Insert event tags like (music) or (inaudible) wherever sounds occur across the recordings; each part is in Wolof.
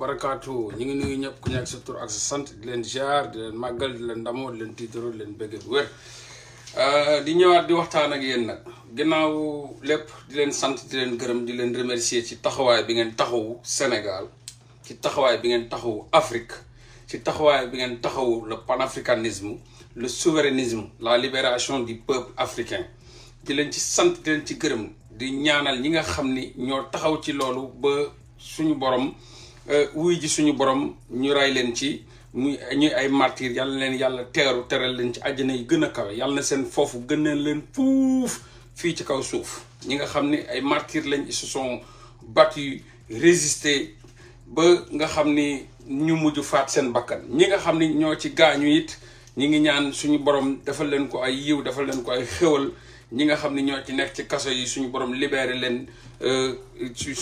barakaatu ñu ngi nuyu ñëpp ku nekk sa tur ak sant di leen ziar di leen màggal di leen ndamoo di leen tiitaroo di leen bëggee bu euh, di ñëwaat di waxtaan ak yéen nag ginnaaw lépp di leen sant di leen gërëm di leen remercier ci taxawaay bi ngeen taxawu Sénégal ci taxawaay bi ngeen taxawu Afrique ci taxawaay bi ngeen taxawu le panafricanisme le souverainisme la libération du peuple africain di leen ci sant di leen ci gërëm di ñaanal ñi nga xam ni ñoo taxaw ci loolu ba suñu borom Euh, wuy ji suñu borom ñu ray leen ci muy ñuy ay martyr yàlla leen yàlla teeru teral leen ci àjjana yi gën a kawe yàlla na seen foofu gën na leen fuuf fii ci kaw suuf ñi nga xam ne ay martyr lañ ils se sont battus ba nga xam ni ñu mujj faat seen bakkan ñi nga xam ni ñoo ci gaañu it ñi ngi ñaan suñu borom defal leen ko ay yiw defal leen ko ay xéwal ñi nga xam ni ñoo ci nekk ci kaso yi suñu borom libéré leen euh, su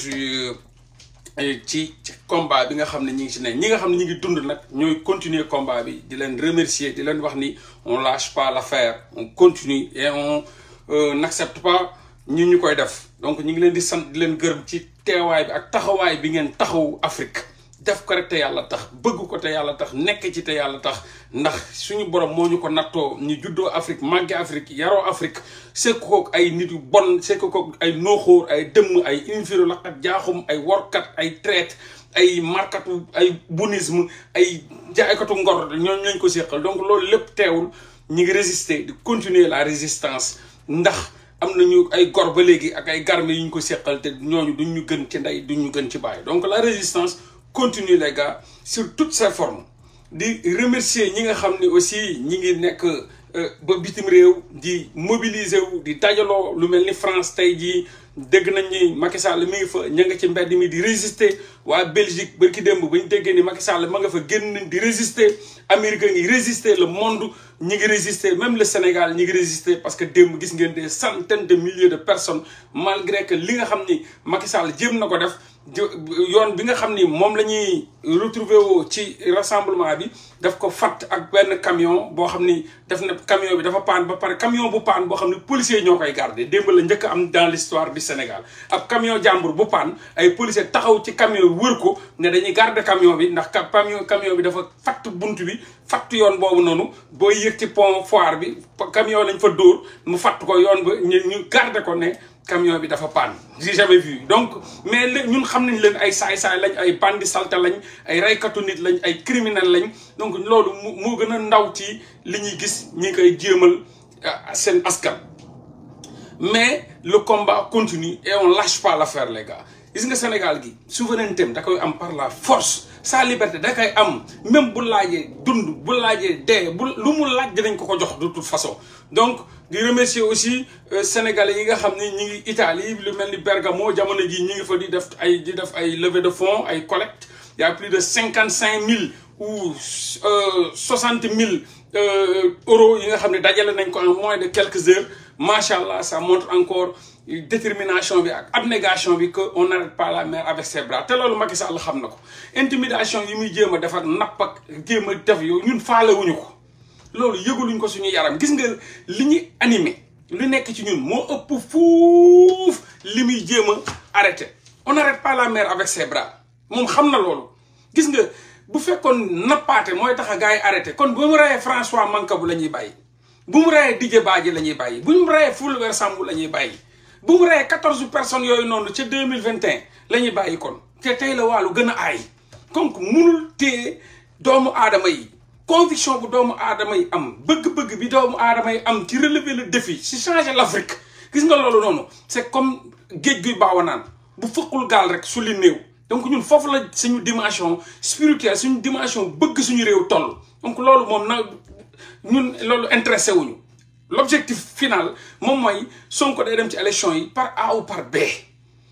ci ci combat bi nga xam ne ñi ngi ci ne ñi nga xam ne ñi ngi dund nag ñooy continuer combat bi di leen remercier di leen wax ni on lâche pas l'affaire on continue et on euh, n'accepte pas ñi ñu koy def donc ñi ngi leen di sant di leen gërëm ci teewaay bi ak taxawaay bi ngeen taxaw Afrique def ko rek te yàlla tax bëgg ko te yàlla tax nekk ci te yàlla tax ndax suñu borom moo ñu ko nattoo ñu juddoo Afrique màgge Afrique yaroo Afrique sekk kook ay nit yu bon sekk ko ay nooxóor ay dëmm ay infiro laqat jaaxum ay workat ay traite ay markatu ay bunisme ay jaaykatu ngor ñooñu lañ ko séqal donc loolu lépp teewul ñi ngi résister di continuer la résistance ndax am nañu ay gor ba léegi ak ay garme yu ñu ko séqal te ñooñu duñ ñu gën ci ndey duñ gën ci bàyyi continue les gars sur toutes ces formes di remercier ñi nga xamni aussi ñi ngi nek euh, ba bitim rew di mobiliser wu di dajaloo lu melni France tay jii deug nañ ni Macky Sall mi ngi fa ña ci mbedd mi di résister wa Belgique barki demb ba déggé ni Macky Sall ma nga fa génn di résister Amérique ngi résister le monde ñi ngi résister même le Sénégal ñi ngi résister parce que demb gis ngeen des centaines de milliers de personnes malgré que li nga xamni Macky Sall jëm nako def yoon bi nga xam ni moom la ñuy retrouver woo ci rassemblement bi daf ko fatt ak benn camion boo xam ni def na camion bi dafa paan ba pare camion bu paan boo xam ni policier ñoo koy garder démb la njëkk am dans l'histoire du Sénégal ab camion jàmbur bu paan ay policier taxaw ci camion bi wër ko ne dañuy garder camion bi ndax camion camion bi dafa fatt bunt bi fat yoon boobu noonu boo yëg ci pont foire bi camion lañ fa dóor mu fatt ko yoon ba ñu garder ko ne camion bi dafa panne j'ai jamais vu donc mais léegi ñun xam nañ leen ay say say lañ ay bandi salté lañ ay reykatu nit lañ ay criminel lañ donc lolu mo gëna a ndaw ci li ñuy gis ñi koy jéemal euh, sen askan. mais le combat continue et on lâche pas l'affaire les gars gis nga Sénégal gi souveraineté da koy am par la force sa liberté da koy am même bu laajee dund bu laajee dé bu lu mu laaj dinañ ko ko jox de toute façon donc di remercier aussi euh, sénégalais yi nga xamni ñi ngi Italie lu melni Bergamo jamono ji ñi ngi fa di def ay di def ay levée de fonds ay collecte il y a plus de 55 000 ou 60 euh, 000 euh, euros yi nga xamni nañ ko en moins de quelques heures Masha'Allah, ça montre encore détermination bi ak abnégation bi que on n'arrête pas la mer avec ses bras té lolu Macky Sall intimidation yi muy jéem a def ak napp ak jéem a def yow ñun wuñu ko loolu yëguluñ ko suñu yaram gis nga li ñuy animé li nekk ci ñun moo ëpp fuuf li muy jéem a arrêté on n'arrête pas la mer avec ses bras moom xam na loolu gis nga bu fekkoon nappaate mooy tax a gars yi arrêté kon bu mu rayee François Mancabou la ñuy bàyyi bu mu rayee Didier Badji la ñuy bàyyi bu mu rayee Fulbert Sambou la ñuy bàyyi bu mu rayee quatorze personnes yooyu noonu ca 2021 mille vingt la ñuy bàyyi kon te tey la wàllu gën a aay donc munul téye doomu aadama yi conviction bu doomu adamay am bëgg-bëgg bi doomu adamay am ci relever le défi si changer l'Afrique gis nga lolu noonu c'est comme géej guy baaw naan bu fëqul gal rek su li new donc ñun fofu la suñu dimension spirituelle suñu dimension bëgg suñu réew toll donc lolu mom na ñun lolu intéressé wuñu l'objectif final c'est mooy Sonko day dem ci élection yi par A ou par B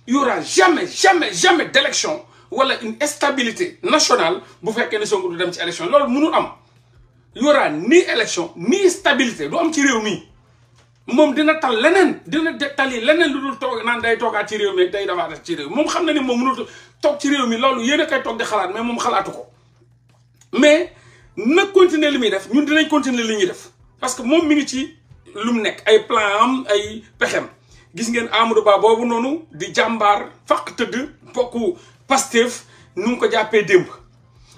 Il y aura jamais jamais jamais d'élection wala une stabilité nationale bu fekkee ne Sonko du dem ci élection loolu nous. am il n'y aura ni élection ni stabilité du am ci réew mi dina tal leneen dina leneen de day ci rew mi day dafa def ci rew mom xam ni mom de ci mi mais mom xalatuko mais na continuer limi def ñun dinañ continuer parce que mon mi ngi ci lum nek ay plan am ay pexem gis ngeen Amadou Ba bobu di jambar faq teud bokku Pastef nu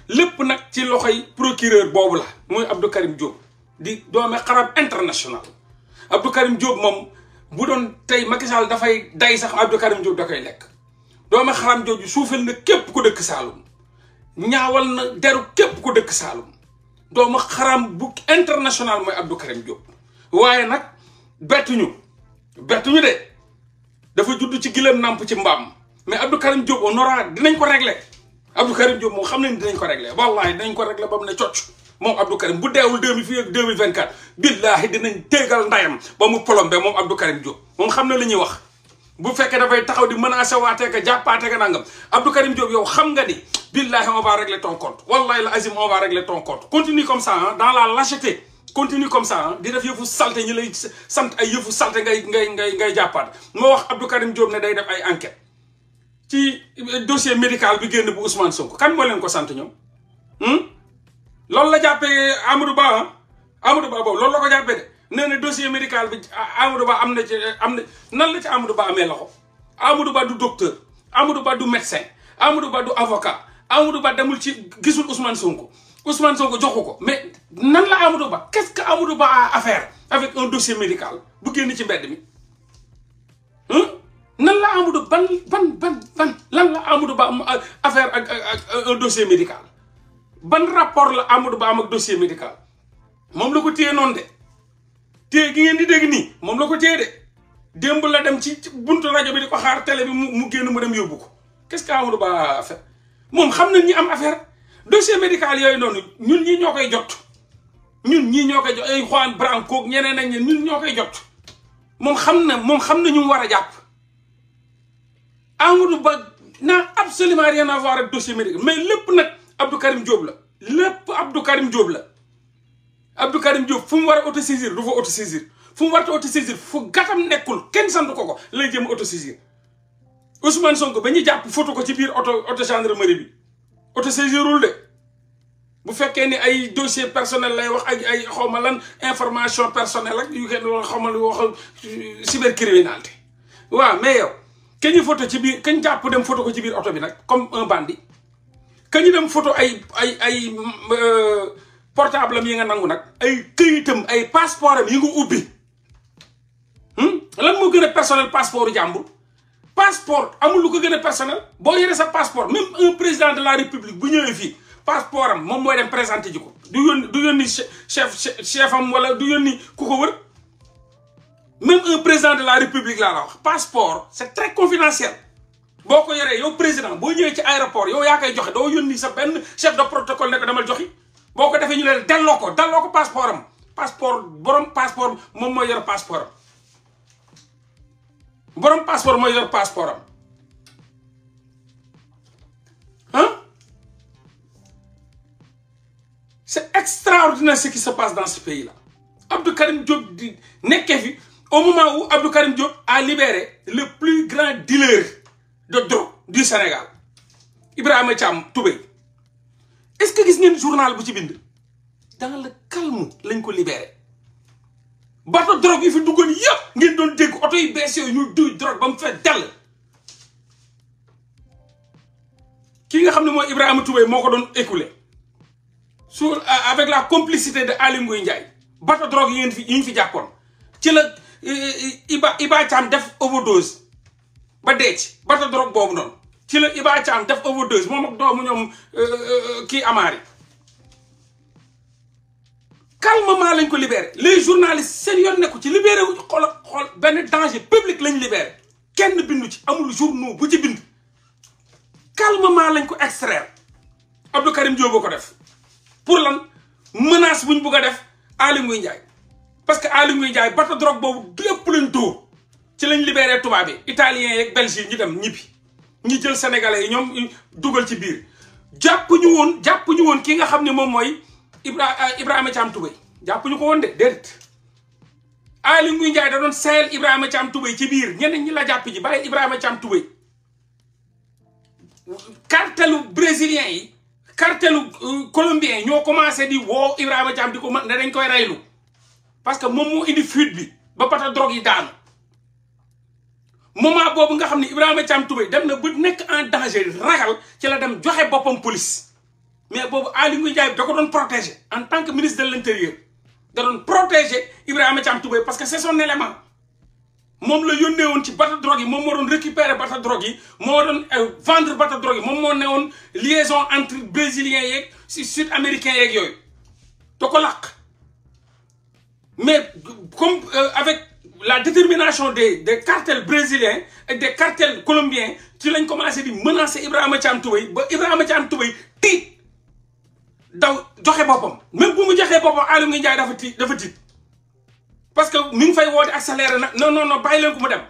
lépp nag ci loxoy procureur boobu la muy Abdou Karim Diop di doome xarab international Abdou Karim Diop moom bu doon tey Macky dafay day sax Abdou Karim Diop da koy lekk doome xaram jooju suufel na képp ku dëkk Saalum ñaawal na deru képp ku dëkk Saalum doomu xaram bu international mooy Abdou Karim Diop waaye nag bettuñu bettuñu de dafa juddu ci gileem nàmp ci mbaam mais Abdou Karim Diop on aura dinañ ko régler Abdou Karim Diop moom xam nañ dinañ ko réglé wallahi dinañ ko réglé ba mu ne cocc moom Abdou Karim bu deewul deux mille fii ak deux mille billaahi dinañ téegal ndayam ba mu plombé moom Abdou Karim Diop moom xam ne li ñuy wax bu fekkee dafay taxaw di menacé waatee ka jàppaatee ka nangam Abdou yow xam nga ni billaahi on va régler ton compte wallahi la azim on va régler continue comme ça di def yëfu salte ñi lay sant ay yëfu salte ngay ngay ngay ngay jàppaat moo wax Abdou Karim Diop ne day def ay enquête ci dossier médical bi génn bu Ousmane Sonko kan moo leen ko sant ñoom hmm? loolu la jàppee Amadou Ba ah? Amadou Ba boobu loolu la ko jàppee de nee na dossier médical bi ah, Amadou Ba am na ci eh, am na nan la ci Amadou Ba amee loxo Amadou Ba du docteur Amadou Ba du médecin Amadou Ba du avocat Amadou Ba demul ci gisul Ousmane Sonko Ousmane Sonko joxu ko mais nan la Amadou Ba qu'est-ce que Amadou Ba a affaire avec un dossier médical bu génn ci mbedd mi. Hmm? nan la Amadou ban ban ban ban lan la Amadou Ba am euh, affaire ak ak euh, un dossier médical ban rapport la Amadou Ba am ak dossier médical moom la ko téye noonu de téye gi ngeen di dégg nii moom la ko téye de démb la dem ci buntu rajo bi di ko xaar télé bi mu mu génn mu dem yóbbu ko qu'est-ce que Amadou Ba affaire moom xam nañ ñi am affaire dossier médical yooyu noonu ñun ñii ñoo koy jot ñun ñii ñoo koy jot ay Juan Branco ñeneen ak ñeneen ñun ñoo koy jot moom xam na moom xam na ñu mu war a jàpp. Amadou Ba n'a absolument rien à voir ak mais lépp nag Abdou Karim Diop la lépp Abdou Karim Diop la Abdou Karim Diop fu mu war a autosaisir du fa autosaisir fu mu warta autosaisir fu gàttam nekkul kenn sant ko ko lay jëm autosaisir Ousmane ba ñu jàpp foto ko ci biir auto auto gendarmerie bi autosaisirul de bu fekkee ni ay dossier personnel lay wax ak ay xawma lan information personnelle ak yu kenn xawma lu wax euh, cybercriminalité waaw mais yow ka ñu ci biir kañ jàpp dem photo ko ci biir oto bi nag comme un bandit ka dem photo ay ay ay euh, portable yi nga nangu nag ay këyitam ay passeport am yi nga ubbi hmm? la moo gën a personnel passeport jàmbur passeport amul lu ko gën a personnel boo yore sa passeport même un président de la république bu ñëwee fii passeport am moom mooy dem présenté ji ko du yónni du yónni chef chef am wala du yónni ku ko wër même un président de la république là passeport C'est très confidentiel Si y a un président y avez un aéroport vous y un chef de protocole ne vous le joxi boo ñu ko ko passeport passeport borom passeport mon meilleur passeport Bon, passeport mooy meilleur passeport Hein C'est extraordinaire ce qui se passe dans ce pays là Abdou Karim Diop N'est fi au moment où Abdou Karim Diop a libéré le plus grand dealer de drogue du Sénégal Ibrahima Cham Toubé est-ce que gis ngeen journal bu ci bind dans le calme lañ ko libéré bato drogue yi fi duggoon yëpp ngeen doon dégg oto yu bees yooyu ñuy duy drogue ba mu fee dell ki nga xam ne Ibrahima Toubé moo ko doon écoulé sur euh, avec la complicité de Ali Ngouille Ndiaye bato drogue yi ngeen fi yi ñu fi ci Iba Iba def overdose ba dee ci ba ta drogue boobu noonu ci la Iba Thiam def overdose moom ak doomu ñoom euh, euh, euh, kii amaari calmement lañ ko libéré les journalistes seen yoon nekku ci libéré wu xool benn danger public lañ libéré kenn bindu ci amul journaux bu ci bind calmement lañ ko extraire Abdou Karim Diop ko def pour lan menace buñ bugg a def Aly Ngouille Ndiaye parce que Aly Ngouille Ndiaye bateau drogue boobu lépp lañ dóor ci lañ libéré tubaab yi italien yeeg belgique ñi dem ñibbi ñi jël sénégalais yi ñoom dugal ci biir jàpp ñu woon jàpp ñu woon ki nga xam ne moom mooy Ibra euh, Ibrahima Thiam Toubé jàpp ñu ko woon de déedéet Aly Ngouille Ndiaye da doon seeyal Ibrahima Thiam Toubé ci biir ñeneen ñi la jàpp ji bàyyi Ibrahima Thiam Toubé cartelu brésilien yi cartelu euh, colombien yi ñoo commencé di woo Ibrahima Thiam di ko mën ne dañ koy parce que moom il indi fuite bi ba pata drogue yi daanu moment bobu nga xamni Ibrahima cham Toubé dem na ba nek en danger ragal ci la dem joxe bopam police mais bobu ali Ngouille Ndiaye da ko doon protéger en tant que ministre de l'intérieur da doon protéger Ibrahima Cham Toubé parce que c'est son élément mom la yónnee won ci bata drogue yi moom moo doon récupérer bata drogue yi moo doon euh, vendre bata drogue mom mo moo liaison entre brésiliens et sud américains yeeg yoy to ko lak mais comme, euh, avec la détermination des, des, cartels brésiliens et des cartels colombiens, qui ont commencé à menacer Ibrahim Tcham Toué, Ibrahim Tcham Toué, ti daw joxe même si mu joxee boppam Aly Ngouille Ndiaye dafa tiit dafa tiit parce que mi ngi fay woote accélérer. non non non pas le madame.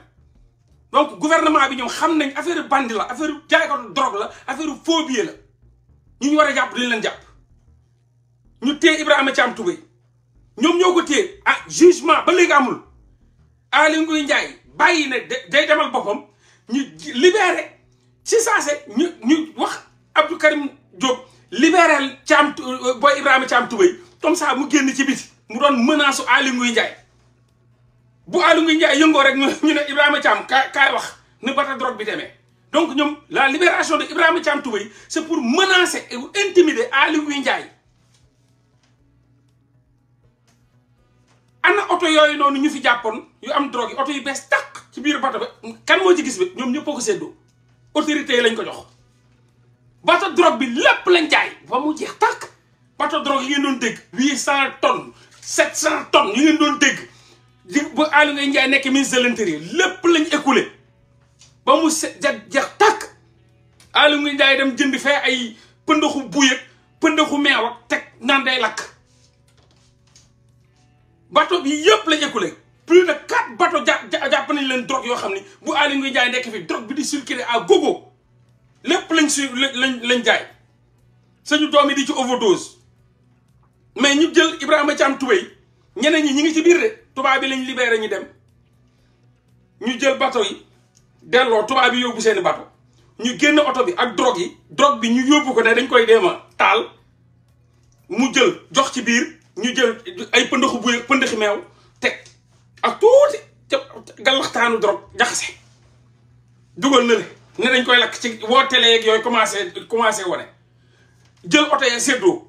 Donc, dem donc gouvernement bi ñoom xam nañ affaire bandi la affaire de drogue la affaire phobie la ñu ñu war a jàpp dañ leen jàpp ñu téye Ibrahima Thiam ñoom ñoo ko téye ah jugement ba léegi amul Aly Ngouille Ndiaye bàyyi ne day demal boppam ñu libéré ci saase ñu ñu wax Abdou Karim Diop libéré Thiam euh, booy Ibrahima Thiam Toubé comme ça mu génn ci biti mu doon menace su Aly Ngouille Ndiaye bu Aly Ngouille Ndiaye yëngoo rek ñu ne Ibrahima Thiam kaay kaay wax ne bata drogue bi demee donc ñoom la libération de Ibrahima Thiam Toubé c'est pour menacer et intimider Aly Ngouille Ndiaye ana oto yooyu noonu ñu fi jàppoon yu am drogue yi oto yu bees tàq ci biir bato ba kan moo ci gis bi ñoom ñëpp a ko séddoo autorité yi lañ ko jox bato drogue bi lépp lañ jaay ba mu jeex tàq bato drogue yi ngeen doon dégg huit cent tonnes sept cent tonnes yi ngeen doon dégg di ba Aly Ngouille Ndiaye nekk ministre de lépp lañ écoulé ba mu se jeex tàq Aly jaay dem jënd fee ay pëndaxu buy ak pëndaxu meew ak teg naan day lakk drogue yi yëpp lañ écoulé plus de quatre bateaux jàpp nañ leen drogue yoo xam ni bu Aly Ngouille Ndiaye nekk fi drogue bi di circuler à gogo lépp lañ su lañ lañ jaay suñu doom yi di ci overdose mais ñu jël Ibrahima Thiam Toubé ñeneen ñi ñi ngi ci biir de tubaab bi lañ libéré ñu dem ñu jël bato yi delloo tubaab bi yóbbu seeni bateau ñu génn oto bi ak drogue yi drogue bi ñu yóbbu ko ne dañ koy deema taal mu jël jox ci biir ñu jël ay pëndaxu buy pëndaxi meew teg ak tuuti ca gàllaxtaanu drogue jaxase dugal na le ne dañ koy lakk ci woo télé yeeg yooyu commencé commencé wane jël oto ya séddoo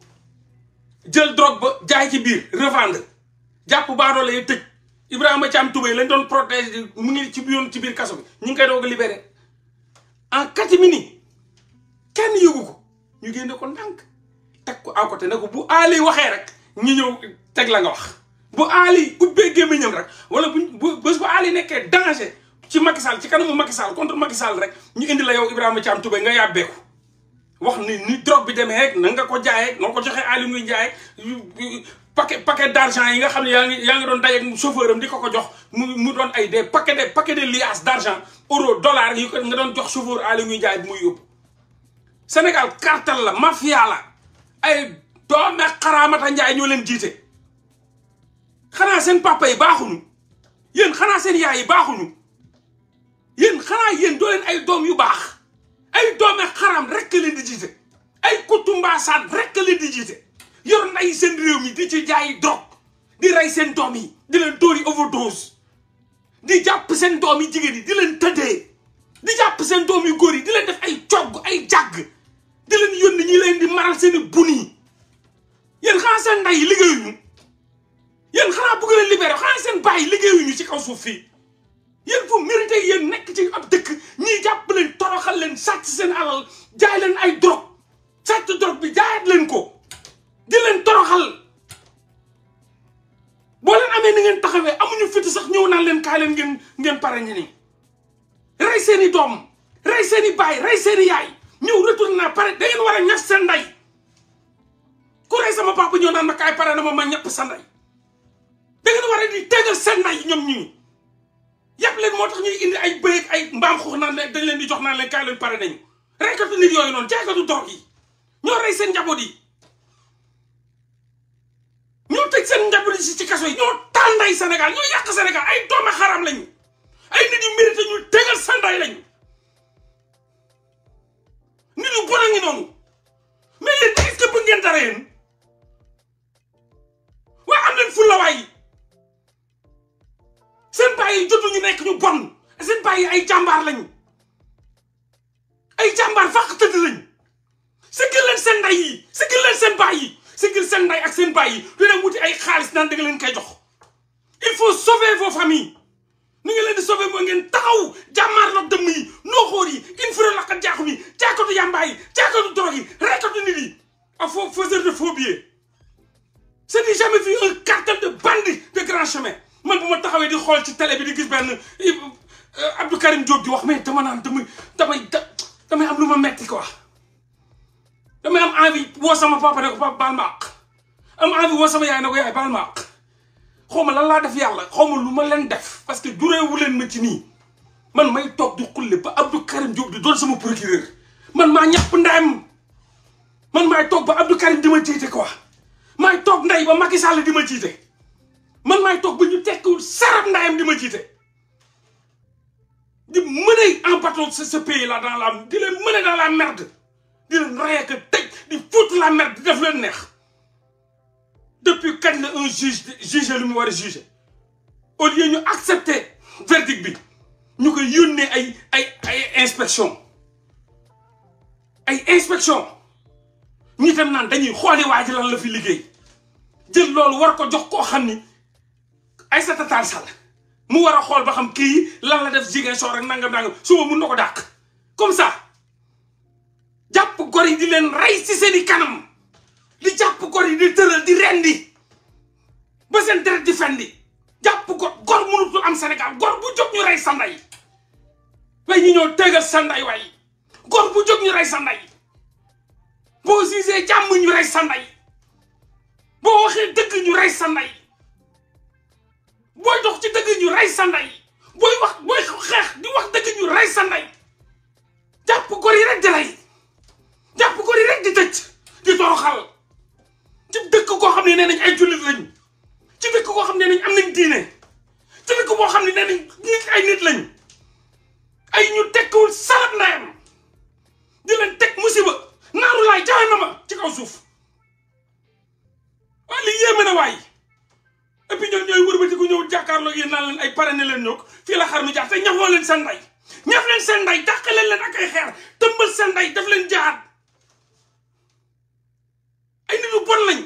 jël drogue ba jaay ci biir revendre jàpp baadoole ya tëj Ibrahima Thiam Toubé lañ doon protéger mu ngi ci yoon ci biir kaso bi ñu ngi koy doog a libéré en catimini kenn yëgu ko ñu génne ko ndànk teg ko à côté ne ko bu yi waxee rek. ñu ñëw teg la nga wax bu Ali ubbee gémmiñam rek wala bu bés bu Ali nekkee danger ci Macky Sall ci kanamu Macky Sall contre Macky Sall rek ñu indi la yow Ibrahima Thiam Toubé nga yàbbeeku wax ni ni drogue bi demee rek na nga ko jaaye noo ko joxee Ali muy jaayee paquet paquet d'argent yi nga xam ne yaa ngi yaa ngi doon dajeeg chauffeur am di ko ko jox mu mu doon ay des paquet de paquet de liasses d'argent nga doon jox chauffeur Ali muy jaay bi muy yóbbu Sénégal cartel la mafia la doom ak xaraamata njaay ñoo leen jiite xanaa seen papa yi baaxuñu yéen xanaa seen yaay yi baaxuñu yéen xanaa yéen doo leen ay doom yu baax ay doom xaram xaraam rek leen di jiite ay kutumbaasaan rek leen di jiite yor nday seen réew mi di jaay drogue di rey seen doom yi di leen dóori overdose di jàpp seen doom yi jigéen yi di leen tëddee di jàpp seen doom yu góor yi di leen def ay cogg ay jàgg di leen yónni ñi leen di maral seeni bun yi yéen xanaa seen ndey liggéeyuñu yéen xanaa bëgg leen libéré xanaa seen baay liggéeyuñu ci kaw suuf fii yéen fu mérité yéen nekk ci ab dëkk ñiy jàpp leen toroxal leen sàcc seen alal jaay leen ay drogue sàcc drogue bi jaayat leen ko di leen toroxal boo leen amee ni ngeen taxawee amuñu fitu sax ñëw naan leen kaay leen ngeen ngeen pare ñu ni rey seeni doom rey seeni i baay rey seen yaay ñëw retourné naa pare da ngeen war a ñas seen ndey ku rey sama papa ñoo naan ma kaay pare na ma ma ñepp sa ndey da ngeen war a di tegal seen ndey ñoom ñii yàpp leen moo tax ñuy indi ay bëy ay mbaam xuux naan dañ leen di jox naan leen kaay leen pare nañu reykatu nit yooyu noonu jaaykatu yi ñoo rey seen njaboot yi ñoo tëj seen njaboot ci kaso yi ñoo taal ndey Sénégal ñoo yàq Sénégal ay doomu xaram lañu ay nit yu bon a ngi noonu mais yéen est-ce que bëgg waa am leen fulla waay seen bàyyi yi jotuñu nekk ñu bon seen bàyyi ay jàmbaar lañu ay jàmbaar fàq tëdd lañu siggil leen seen nday yi siggil leen seen bàyyi yi seen nday ak seen bàyyi yi dem wuti ay xaalis naan da nga leen koy jox il faut sauver vos familles ni leen di sauver moo ngeen taxaw jàmmaar la dëmm yi nooxóor yi infiro laqat jaaxum yi jaakatu yàmbaay yi jaakatu drogue yi rekkatu nit yi a faux faiseur de faux je n'ai jamais vu un cartel de bandits de grand chemin man bu ma taxawee di xool ci télé bi di gis benn eh, eh, Abdou Karim Diop di wax mais dama naan damay damay damay am lu metti quoi damay am envie woo sama papa ne papa baal ma àq am envie woo sama yaay ne ko yaay baal ma àq xaw ma lan laa def yàlla xaw ma lu def parce que jureewu leen ma ci nii man may toog di xulle ba Abdou Karim Diop di doon sama procureur man maa ñàpp ndayam man maay toog ba Abdou Karim di ma jiite quoi may tok ndey ba Macky Sall di ma jiite man may tok ba ñu tekkiwul sarab ndayam di ma jiite di mener en bateau ce pays là dans la di le mener dans la merde di le rey que tëj di foutre la merde di def le neex depuis quand la un juge juge lu mu war juger au lieu ñu accepter verdict bi ñu ko yónnee ay ay ay inspection ay inspection ñi tam naan dañuy xooli waji lan la fi liggéey jël lool war ko jox ko xamni ni Aïssata Tall Sall mu wara xol ba xam ki lan la def so rek nangam nangam suma mu na dak comme ça japp gor di len ray ci seeni kanam di japp gor di teural di rendi ba seen dret di fendi ko gor gor mënutul am senegal gor bu jog ñu ray sanday way ñu ñëw tegal sa gor bu jog ñu ray sanday boo jugee jàmm ñu rey sa ndey boo waxee dëgg ñu rey sa ndey booy dox ci dëgg ñu rey sa ndey booy wax booy xeex di wax jàpp góor rek di rey jàpp góor rek di tëj di toroxal ci dëkk koo xam ne nee ay jullit lañ ci dëkk koo xam ne nee am nañ diine ci dëkk xam ne nee nañ nit ay nit lañ ay ñu tekkiwul salab ndeyam di leen teg musiba. naaru laay jahannama ci kaw suuf waaye li yéeme na waay et puis ñoom ñooy wërbati ku ñëw jàkkaarloo yéen naan leen ay parrainé leen ñook fii la xar mi jaax te ñafoo seen ndey ñaf leen seen ndey dàqale leen ak ay xeer tëmbal seen ndey daf leen jaxaat ay nit yu bon lañ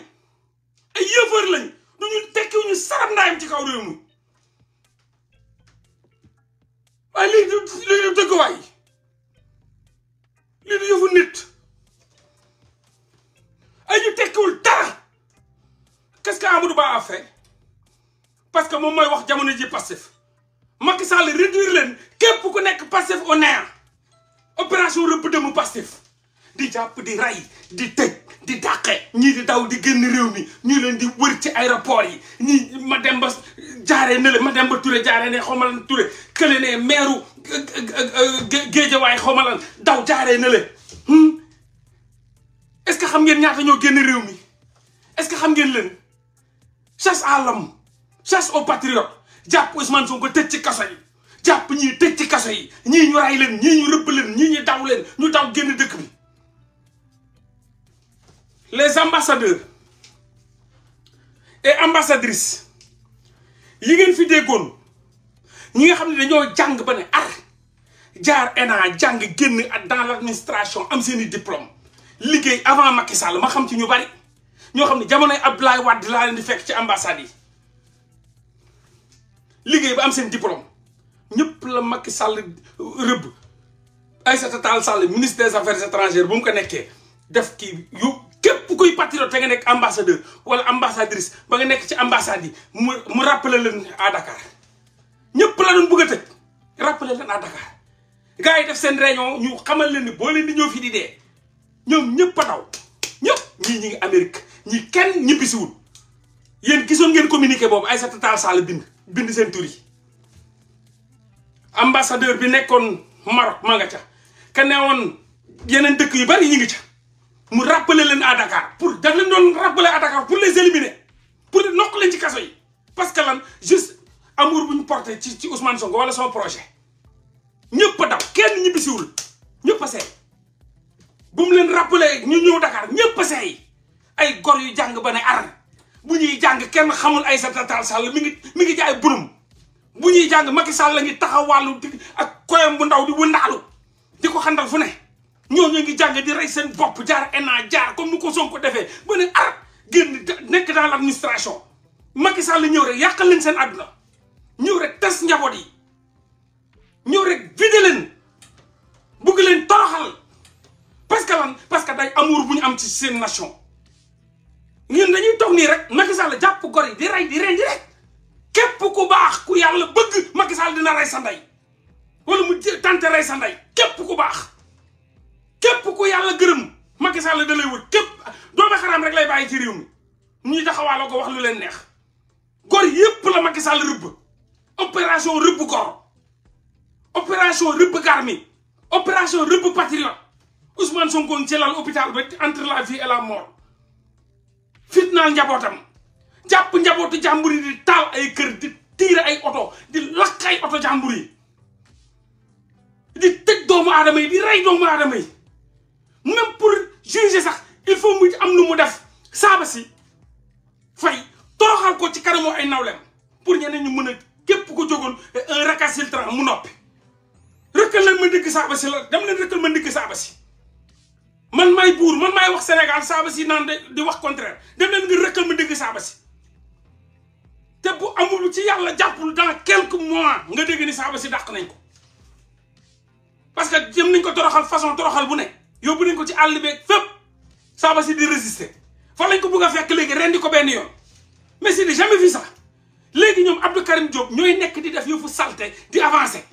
ay yëfër lañ duñu tekkiw ñu sarab ndaayam ci kaw réew mi waaye lii du du dëgg waay lii du yëfu nit et ñu tekkiwul dara qu'est-ce que Amadou Ba a fait parce que moom mooy wax jamono ji Pastef Macky Sall réduire leen képp ku nekk Pastef au néant opération rëbb demu Pastef di jàpp di rey di tëj di dàqe ñii di daw di génn réew mi ñu leen di wër ci aéroport yi ñii ma dem ba jaaree ne ma dem ba Touré jaaree ne xaw ma lan Touré kële ne meeru géejawaay xaw ma lan daw jaaree ne le que xam ngeen ñaata ñoo génn réew mi est-ce que xam ngeen leen chasse à l'homme chasse aux patriotes jàpp Ousmane Sonko tëj ci kaso yi jàpp ñii tëj ci kaso yi ñii ñu ray leen ñii ñu rëbb leen ñii ñu daw leen ñu daw génn dëkk bi les ambassadeurs et ambassadrices yi ngeen fi déggoon ñi nga xam ne dañoo jàng ba ne ar jaar ENA jàng génn dans l'administration am seeni diplôme liggéey avant Macky Sall ma xam ci ñu bari ñoo xam ne jamonoy Abdoulaye Wade laa leen di fekk ci ambassade yi liggéey ba am seen diplôme ñëpp la makki sàll rëbb Aïssata Tall Sall ministre des affaires étrangères bu mu ko nekkee def kii yu képp koy patriote te nga nekk ambassadeur wala ambassadrice ba nga nekk ci ambassade yi mu mu rappelé leen à Dakar ñëpp la doon bëgg a tëj rappelé leen à Dakar gars yi def seen réunion ñu xamal leen ni boo leen di ñëw fii di dee. ñom ñepp a daw ñëpp ñii ñi amerique ñi kenn wul yeen gisoon ngeen communiqué boobu Aïssata Tall sal bind bind seen tour yi ambassadeur bi nekkoon Maroc ma nga ca ka ne yeneen dëkk yu bari ñi ngi ca mu rappeler leen à Dakar pour daf leen doon rappeler à Dakar pour les éliminer pour nokk leen ci kaso yi parce que lan juste amour buñ porter ci ci Ousmane Sonko wala son projet ñepp daw kenn ñibbisiwul ñëpp a seey bu mu leen rappelé ñu ñëw Dakar ñëpp seey ay gor yu jàng ba ne ar bu ñuy jàng kenn xamul Aïssata Tall Sall mi ngi mi ngi ci burum bu ñuy jàng Macky Sall la ngi taxawàllu ak koyam bu ndaw di wëndaalu di ko xandal fu ne ñu ngi jàng di rey seen bopp jaar ENA jaar comme nu ko ko defee ba ne ar génn nekk dans l' administration makki Sall ñëw rek yàqal leen seen àdduna ñëw rek tas njaboot yi ñëw rek vide leen bugg leen toroxal. parce que lan parce que day amour bu ñu am ci seen nation ñun dañuy toog nii rek Macky Sall jàpp gor yi di rey di rey di rek képp ku baax ku yàlla bëgg Macky Sall dina rey sa mu tante rey sa ndey képp ku baax képp ku yàlla gërëm Macky Sall da lay wër képp doomu xaraam rek lay bàyyi ci réew mi ñuy taxawaale ko wax lu leen neex gor yépp la Macky Sall rëbb opération rëbb gor opération rëbb garmi opération rëbb patriote Ousmane Sonko ngi ci lal hôpital ba entre la vie et la mort fitna njabotam japp njabotu jamburi di tal ay kër di tiire ay auto di lakk ay auto jamburi di tej doomu adamay di ray doomu adamay même pour juger sax il faut mu am lu mu def saaba si fay toxal ko ci karamo ay nawlem pour ñeneen ñu mëna képp ko jogon un recalcitrant mu noppi ma dem ma man may buur man maay wax Sénégal si naan di wax contraire dem leen nga rëkkal ma dégg Sabassy te bu amul ci yàlla jàppul dans quelques mois nga dégg ni si dàq nañ ko parce que jëm nañ ko toroxal façon toroxal bu ne yóbbu nañ ko ci àll beeg fépp si di résister fa lañ ko bugg a fekk léegi rendi ko benn yoon mais di jamais vu sax léegi ñoom Abdou Karim Diop ñooy nekk di def yëfu salte di avancer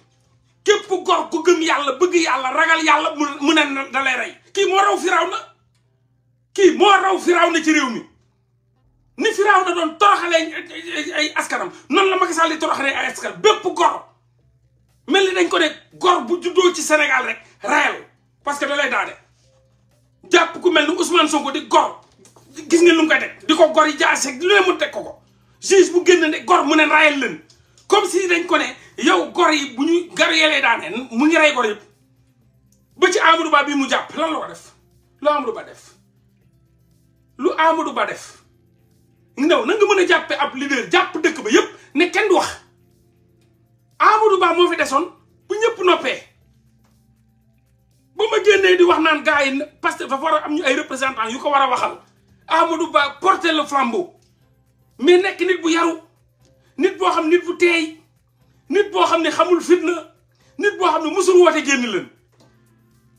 képp gor ku gëm yàlla bëgg yàlla ragal yàlla mu ne da lay rey kii moo raw firaw na kii moo raw firaw na ci réew mi ni firaw na doon toroxalee eh, eh, eh, ay askanam noonu la Macky Sall di toroxalee ay askan bépp gor mel ni dañ ko ne gor bu juddoo ci Sénégal rek reyal parce que da lay jàpp ku mel ni Ousmane Sonko di gor gis nga lu mu koy di ko gor yi jaase lu ne mu teg ko ko juge bu génn ne gor mu ne rayal leen comme si dañ ko ne yow gor yi bu ñu gar yelee daaneen mu ngi rey gor yëpp ba ci Amadou Ba bi mu jàpp lan la ko def lu Amadou Ba def lu Amadou Ba def ndaw na mën a jàppe ab leader jàpp dëkk ba yëpp ne kenn du wax Amadou Ba moo fi desoon bu ñëpp noppee ba ma génnee di wax naan gaa yi parce que dafa war am ñu ay représentants yu ko war a waxal Amadou Ba porter le flambeau mais nekk nit bu yaru nit boo xam nit bu teey nit boo xam ne xamul fitna nit boo xam ne musul woote génn leen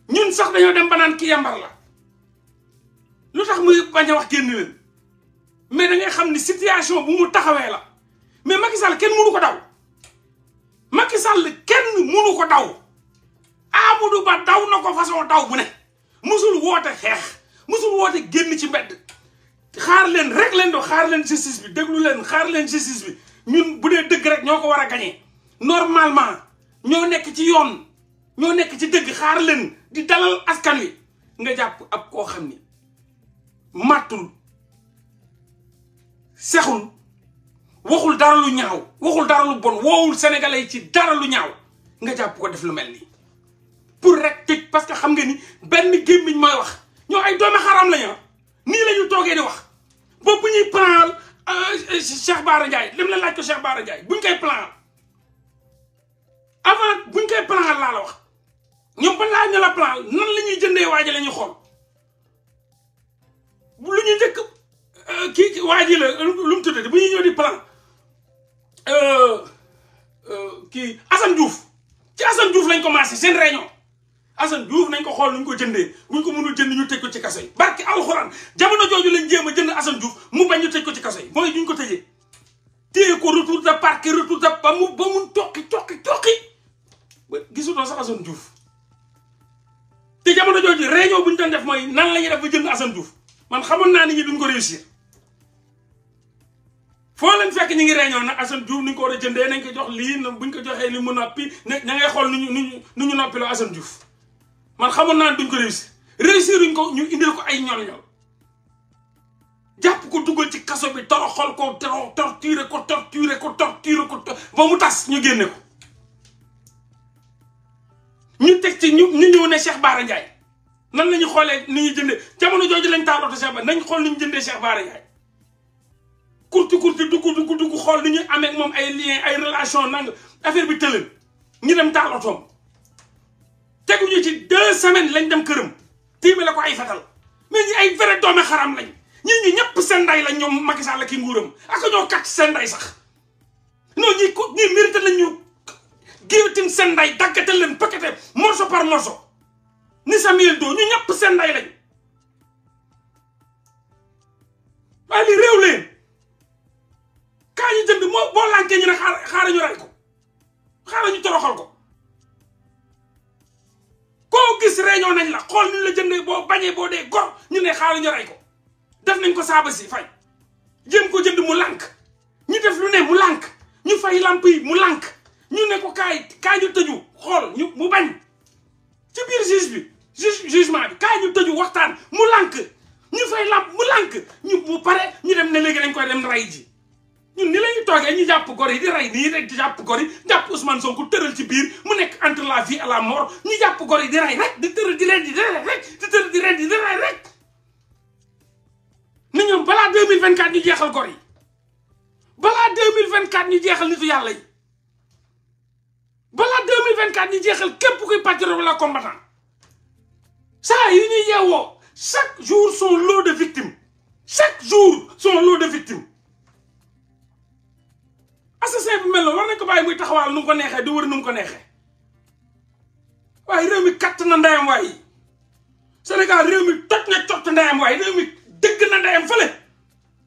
ñun sax dañoo dem ba ki yambar la lu tax muy bañ a wax génn leen mais da xam ni situation bu mu taxawee la mais Macky Sall kenn mënu ko daw Macky Sall kenn mënu ko daw Amadou Ba daw na ko façon daw bu ne musul woote xeex musul woote génn ci mbedd xaar leen rek leen do xaar leen justice bi déglu leen xaar leen justice bi ñun bu dee dëgg rek ñoo ko war a gañee normalement ño nek ci yoon ño nek ci deug xaar leen di dalal askan wi nga japp ab ko xamni matul sexul waxul dara lu ñaaw waxul dara lu bon woowul sénégalais ci dara lu ñaaw nga japp ko def lu melni pour rek tej parce que xam nga ni ben gemmiñ mooy wax ño ay doomi xaram lañu ni lañu togué di wax bu plan euh, Cheikh barra Ndiaye lim la laj ko Cheikh barra Ndiaye buñ koy plan avant buñ koy planal laa la wax ñoom ba laa ñu la planal nan la ñuy jëndee waaji la ñu xool lu ñu njëkk euh, kii waaji la lu mu tuddati bu ñu ñëw di plan euh, euh, kii Assane Diouf ci Assane Diouf lañ commencé seen réunion Assane Diouf nañ ko xool nu ñu ko jëndee buñ ko mënul jënd ñu tëj ko ci kaso yi barki alxuraan jamono jooju lañ jéem a jënd Assane Diouf mu bañ ñu tëj ko ci kaso yi mooy duñ ko tëjee téye ko retour de parquet retour de ba mu ba mu toqi toqi toqi ba gisutoo sax Assane Diouf te jamono jooju réunion bu ñu doon def mooy nan la ñuy def ba jënd Assane Diouf man xamoon naa nit ñi duñ ko réussir foo leen fekk ñu ngi réunion nag Assane Diouf ni ñu ko war a jëndee nañ ko jox lii buñ ko joxee li mu noppi na ña ngay xool nu ñu nu ñu noppiloo Assane Diouf man xamoon naa ne duñ ko réussir réussir duñ ko ñu indil ko ay ñol-ñol jàpp ko dugal ci kaso bi toroxal ko torturer ko torturer ko torturer ko ba mu tas ñu génne ko. ñu teg ci ñu ñu ñëw ne Cheikh Bara Ndiaye nan la ñu xoolee ni ñuy jëndee jamono jooju lañ taaroote Cheikh Bara nañ xool ni ñu jëndee Cheikh Bara Ndiaye kurti kurti dugg dugg xool ni ñuy amee moom ay lien ay relation nang affaire bi tëlën ñu dem taal otoom teguñu ci dë semaine lañ dem këram tiimale ko ay fetal mais ñi ay vrai doome xaram lañ ñi ñi ñëpp seen nday lañ ñoom Macky Sall ki nguuram ak ñoo kàcc seen nday sax non ñi ku ñi mérité lañ géewetin seen nday daggate leen pakete morceau par morceau ni Samuel Doe ñu ñëpp seen nday lañ waaye li réew leen kaa ñu jënd moo boo lànkee ñu ne xaar xaara ko xaara ñu toroxal ko koo gis réunion nañ la xool ñu la jëndee boo bañee boo dee gor ñu ne xaara ñu rey ko def nañ ko saaba si fay jéem ko jënd mu lank ñu def lu ne mu lànk ñu fay làmp yi mu lank ñu ne ko kaay kaay ñu tëju xool ñu mu bañ ci biir juge bi juge jugement bi kaay ñu tëju waxtaan mu lànk ñu fay làmp mu lànk ñu bu pare ñu dem ne léegi dañ koy dem rey ji ñun ni lañu toogee ñu jàpp gor yi di rey rek di jàpp gor yi jàpp Ousmane Sonko tëral ci biir mu nekk entre la vie et la mort ñu jàpp gor yi di rey rek di tëral di leen di rey rek di tëral di leen di rey rek na ñoom balaa 2024 ñu jeexal gor yi balaa 2024 ñu jeexal nitu yàlla yi balaa 2024 ñu jeexal képp kuy patriote wala combattant saa yi ñuy yeewoo chaque jour son lot de victimes chaque jour son lot de victimes assassin bu mel noonu war nañ bàyyi muy taxawaal nu mu ko neexee di wër nu ko neexee waaye réew mi katt na ndeyam waaye Sénégal réew mi toj na cott ndeyam waaye réew mi dëgg na ndeyam fële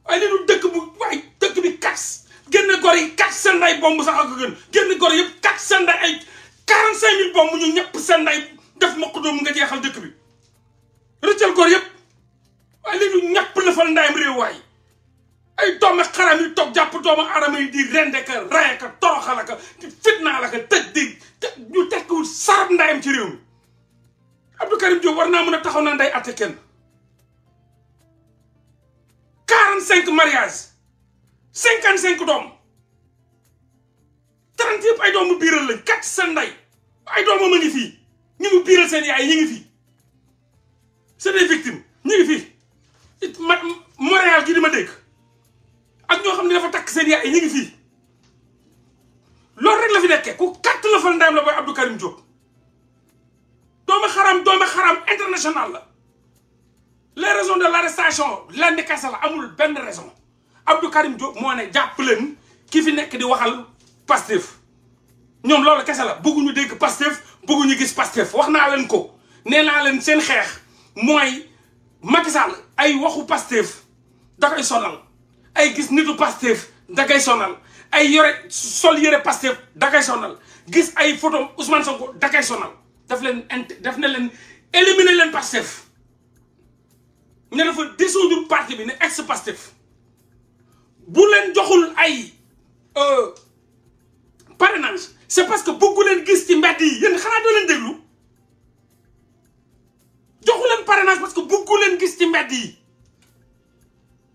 waaye li du dëkk bu waaye dëkk bi kas génn gor yi kàcc seen nday bomb sax ak ko gën génn gor yëpp kàcc seen nday ay 45000 bomb ñu ñëpp seen nday def ma ko doom nga jeexal dëkk bi rëccal gor yëpp waaye li ñu ñàpp lëfal ndayam réew waay ay doomi xaram yi toog jàpp doomu aadama yi di rende ka raye ka toroxala ka di fitnaa la ka tëj di ñu tekkiwul ci réew mi Abdou Karim Diop war naa mën a taxaw na nday atte kenn quarante cinq mariage cinquante cinq doom trente yëpp ay doomu biiral lañ kat sa nday ay doomam a ngi fii ñu biiral seen yaay ñu ngi fii c'est des ñu ngi fii ma Montréal gi di ma dégg ak ñoo xam ne dafa takk seen yaay ñu ngi fii loolu rek la fi nekkee ku katt la fal ndayam la booy Abdou Karim Diop xaram doomu xaram international la les raisons de l'arrestation lenn kese la amul benn raison Abdou Karim Diop moo ne jàpp leen ki fi nekk di waxal Pastef ñom loolu kessa la bëggu ñu dégg Pastef bëggu ñu gis Pastef waxna naa leen ko nee naa leen seen xex moy Macky Sall ay waxu Pastef da koy sonal ay gis nitu Pastef da koy sonal ay yoré sol yoré Pastef da koy sonal gis ay photo Ousmane Sonko da koy sonal daf leen int daf ne leen éliminer leen Pastef ne dafa dissoudre parti bi ne ex Pastef bu leen joxul ay euh, parrainage c'est parce que bëggu leen gis ci mbedd yi yéen xanaa doo leen déglu joxu leen parrainage parce que bëggu leen gis ci mbedd yi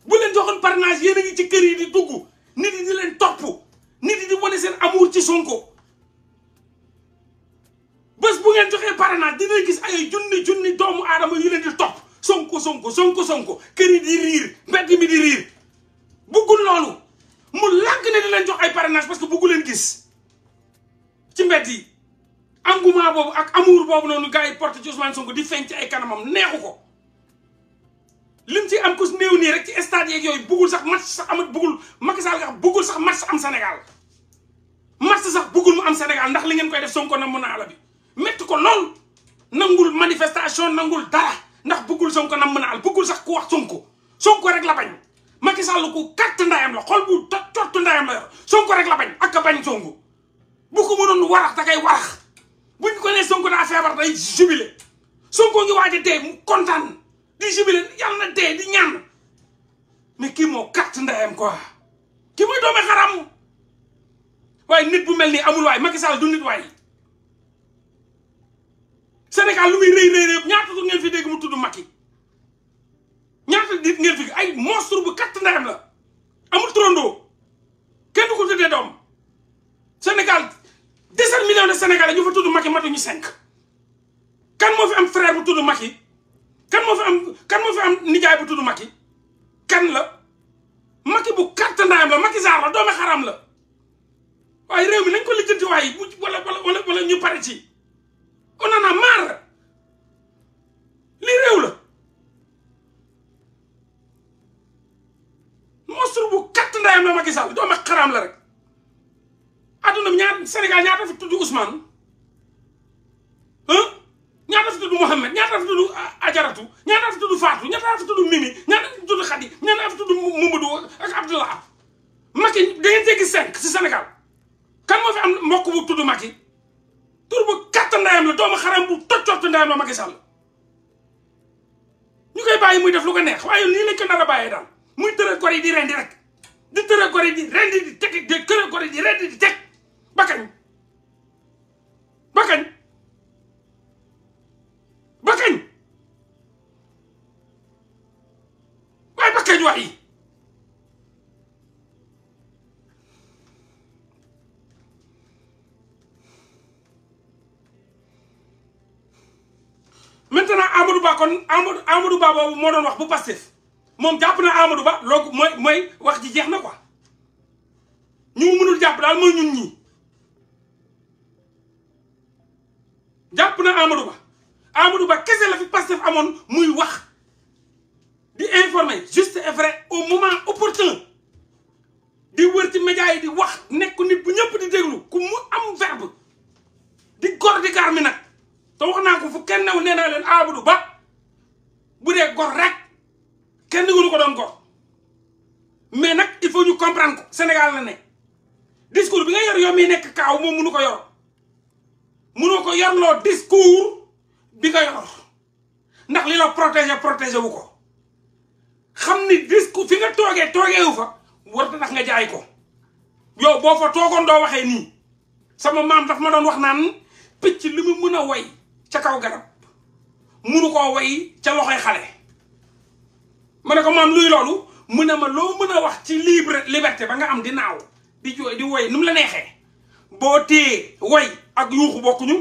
bu leen joxoon parrainage yéen ngi ci kër yi di dugg nit di leen topp nit yi di wane seen amour ci Sonko bés bu ngeen joxee parrainage dina gis ay junni junni doomu aadama yu leen di topp Sonko Sonko Sonko Sonko kër yi di riir mbedd mi di riir buggul loolu mu lànk ne di leen jox ay parrainage parce que buggu leen gis ci mbedd yi engouement boobu ak amour boobu noonu gars yi porte ci Ousmane Sonko di feeñ ci ay kanamam neexu ko lim ci am ko néew nii rek ci stade yeeg yooyu buggul sax match sax am buggul Macky Sall nga buggul sax match am Sénégal match sax buggul mu am Sénégal ndax li ngeen koy def Sonko namm na ala bi métti ko lool nangul manifestation nangul dara ndax buggul Sonko namm na al buggul sax ku wax Sonko Sonko rek la bañ Macky Sall ko kàtt ndayam la xol bu cott ndayam la Sonko rek la bañ ak a bañ Sonko bu ko mënoon warax da kay warax buñ ko nee Sonko daa feebar day jubilé Sonko ngi waaj a dee mu kontaan di jubilé yàlla na dee di ñaan mais kii ngeen fi dégg mu tudd Macky ñaata nit ngeen la amul trondoo kenn du ko tuddee doom Sénégal dix-sept millions de Sénégalais kan moo fi am frère bu tudd nijaay bu tudd Macky kan la Macky bu katt ndayam la Macky Sall la doomi xaram la waaye réew mi nañ ko lijjanti waaye bu wala ñu pare ci on en a lii réew la Macky Sall doomu xaraam la rek adduna bi ñaar Sénégal ñaata fi tudd Ousmane ah ñaata fi tudd Mouhamed ñaata fi tudd Ajaratu ñaata fi tudd Fatou ñaata fi tudd Mimi ñaata fi tudd Khady ñaata fi tudd Mamadou ak Abdallah Macky da ngeen teggi cinq si Sénégal kan moo fi am mbokk bu tudd Macky tur bu kàtt ndayam la doomu xaraam bu tojjootu ndayam la Macky Sall ñu koy bàyyi muy def lu ko neex waaye nii lañ nar a bàyyee daal muy tëral kor di rendi rek di tëra ko ji rendi di teg di tëra gore ji rendi di teg ba kañ ba kañ ba kañ waaye ba kañ waay maintenant Amadou Ba kon Amadou Ba boobu moo doon bu Pastef moom jàpp na Amadou Ba loolu mooy mooy wax ji jeex na quoi ñu mënul jàpp daal mooy ñun ñii jàpp na Amadou Ba Amadou Ba kese la fi Pastef amoon muy wax di informer juste et vrai au moment opportun di wër ci médias yi di wax nekk nit bu ñëpp di déglu ku mu am verbe di gor di gaar mi nag te wax naa ko fu kenn new nee naa leen Amadou Ba bu dee gor rek kenn gënu ko doon góor mais nag il faut ñu comprendre ko Sénégal la ne discours bi nga yor yow mi nekk kaaw moom mënu ko yor mënoo ko yorloo discours bi nga yor ndax li la protéger protéger wu ko xam ni discours fi nga toogee toogeewu fa war na nga jaay ko yow boo fa toogoon doo waxee nii sama maam daf ma doon wax naan picc li mu mën a woy ca kaw garab mënu koo way ca loxoy xale ma ne ko maam luy loolu mu ne ma loo mën a wax ci libre liberté ba nga am di naaw di jooy di woy nu mu la neexee boo téye woy ak yuuxu bokkuñu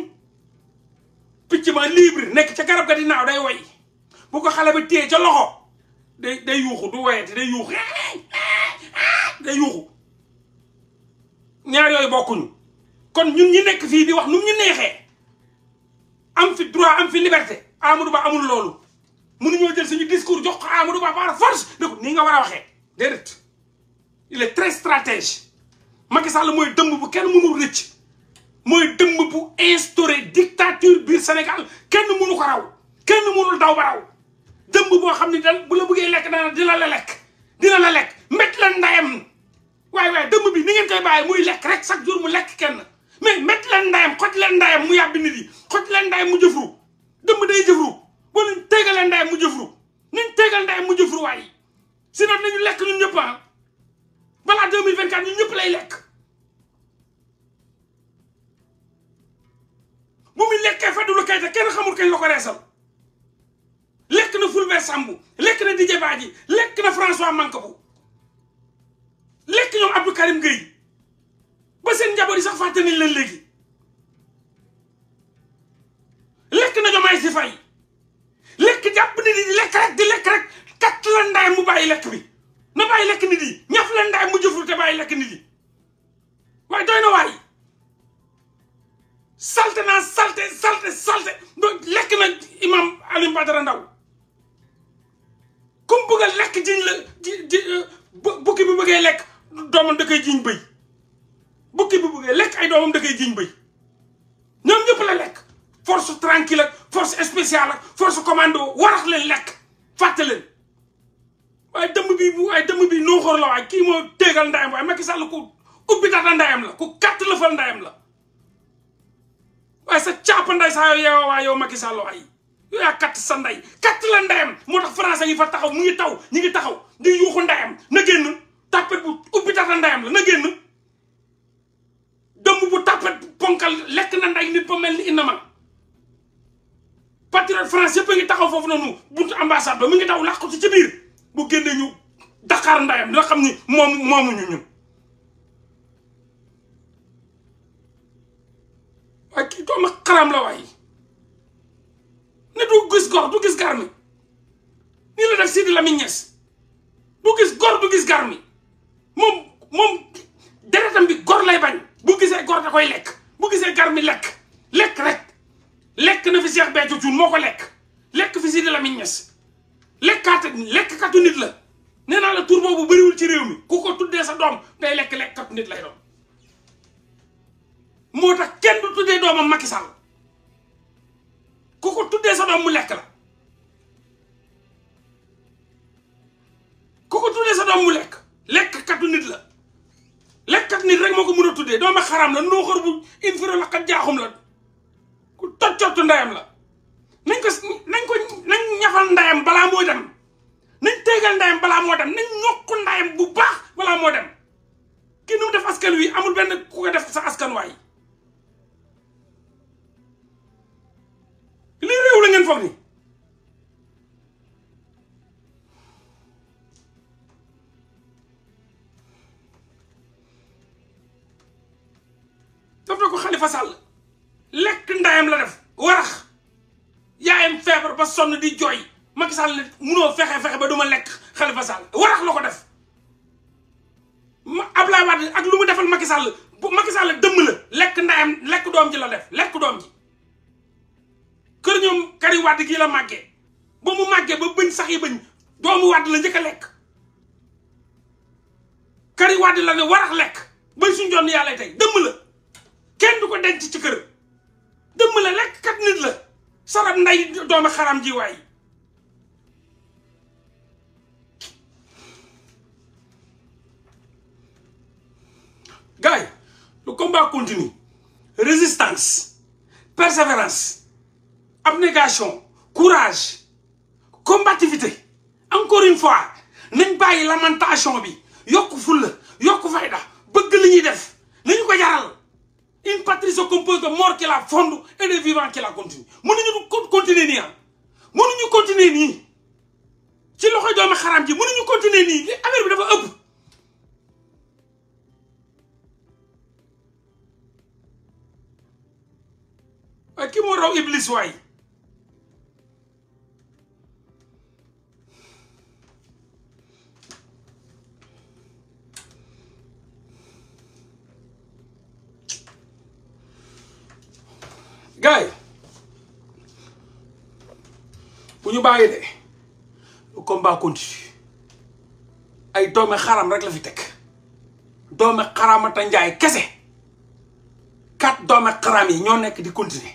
picc ma libre nekk ca garab ga di naaw day woy bu ko xale ba téye ca loxo day day yuuxu du woyati day yuuxu eh, eh, eh, day yuuxu ñaar yooyu bokkuñu kon ñun ñi nekk fii di wax nu mu neexee am fi droit am fi liberté Amadou Ba amul loolu mënuñoo jël suñu discours jox ko Amadou Ba par force ne ko nii nga war a waxee déedéet il est très stratège Macky Sall mooy dëmb bu kenn mënul rëcc mooy dëmb bu instauré dictature biir Sénégal kenn mënu ko raw kenn mënul daw ba raw dëmb boo xam ne dal bu la bëggee lekk dana dina la lekk dina la lekk met la ndayam waaye waaye dëmb bi ni ngeen koy bàyyi muy lekk rek chaque jour mu lekk kenn mais met la ndayam xoj la ndayam mu yàbbi nit yi xoj la ndayam mu jëfru sinon nañu lekk ñun ñëpp ah balaa deux mille vingt quatre ñëpp lay lekk bu muy lekkee Fadilou Keita kenn xamul kañ la ko lekk na Fulbert Sambou lekk na Didier Badji lekk na François Mancabou lekk ñoom Abdou Karim Gueye ba seen njaboot yi sax fàtte nañ leen léegi lekk na Diomaye Faye lekk jàpp ni di lekk rek kàtt la ndaay mu bàyyi lekk bi na bàyyi lekk nit yi ñaf la ndaay mu jëful te bàyyi lekk nit yi waaye doy na waay salte naa salte salte salte lekk na imam Alioune Badara Ndaw comme bëgg a lekk jiñ la ji euh, bukki bi bëggee lekk doomam da jiñ bëy bukki bi bëggee lekk ay doomam da jiñ bëy ñoom ñëpp la lekk force tranquille ak force spéciale force commando warax lekk fàtte waaye dëmm bi bu waaye dëmm bi nooxoor la waaye kii moo téegal ndayam waaye Macky Sall ku ubbi tata ndayam la ku kàtt lëfal ndayam la waaye sa caapa nday saa yow waaye yow waaye yow la ndayam moo fa taxaw mu ngi taw ñu ngi taxaw di yuuxu ndayam na génn tàppet bu ubbi tata ndayam la na génn dëmm bu tàppet ponkal lekk na nday nit ba mel ni innama patriote France yëpp ngi taxaw foofu noonu buntu ambassade ba mu ngi taw làqu ci biir bu génne ñu Dakar ndayam nga xam ni moom moomuñu ñun waaye kii doomu xaram la waaye ne du gis gor du gis garmi ni la def Sidi Lamine Niass du gis gor du gis garmi moom moom deretam bi gor lay bañ bu gisee gor da koy lekk bu gisee garmi lekk lekk rek lekk na fi seex Béthio Thioune moo ko lekk lekk fi Sidi Lamine Niass lekkaate lekkkatu nit la nee naa la tur boobu bëriwul ci réew mi ku ko tuddee sa doom day lekk lekkkatu nit lay moo tax kenn du tuddee doomam Macky sa doom mu lekk la ku ko tuddee lekk lekkkatu nit la lekkkatu nit rek moo ko mën a tuddee dooma xaram la nooxor bu infiro la xat jaaxum la ku toj cottu ndeyam la nañ ko nañ ko nañ ñafal balaa moo dem nañ tegal ndayam balaa moo dem nañ ñokku ndayam bu baax balaa moo dem kii nu mu def askan wi amul benn def sa askan lii réew la ngeen foog ni daf na ko Xalifa lekk ndayam la def warax yaayam feebar ba son di joy Macky Sall mëno fexé fexé ba duma lek Khalifa Sall warax lako def Abdoulaye Wade ak lu mu defal Macky Sall Macky Sall dem la lek ndayam lek dom ji la def lek dom ji keur ñom Karim Wade gi la maggé ba mu maggé ba bëñ sax yi bëñ dom Wade la njëkk lek. Karim la warax lek suñu jonne Yalla tay dem la kenn duko denc ci kër dem la lek kat nit la. sarab nday dooma xaram ji way gars le combat continue résistance persévérance abnégation courage combativité encore une fois nañ bàyyi lamentation bi yokk fulla yokk fayda bëgg li ñuy def nañu ko jaral une patrie se compose de morts qui la fondent et de vivants qui la continuent. Nous continuer Nous continuons ah. continuer nii ci loxoy doomu xaram ji nous continuer ni. li affaire bi dafa ëpp. waaye ki moo raw Iblis waay. gars yi bu ñu bàyyi de le combat continue ay doome xaram rek la fi teg doome xaramata njaay kese kat doome xaram yi ñoo nekk di continuer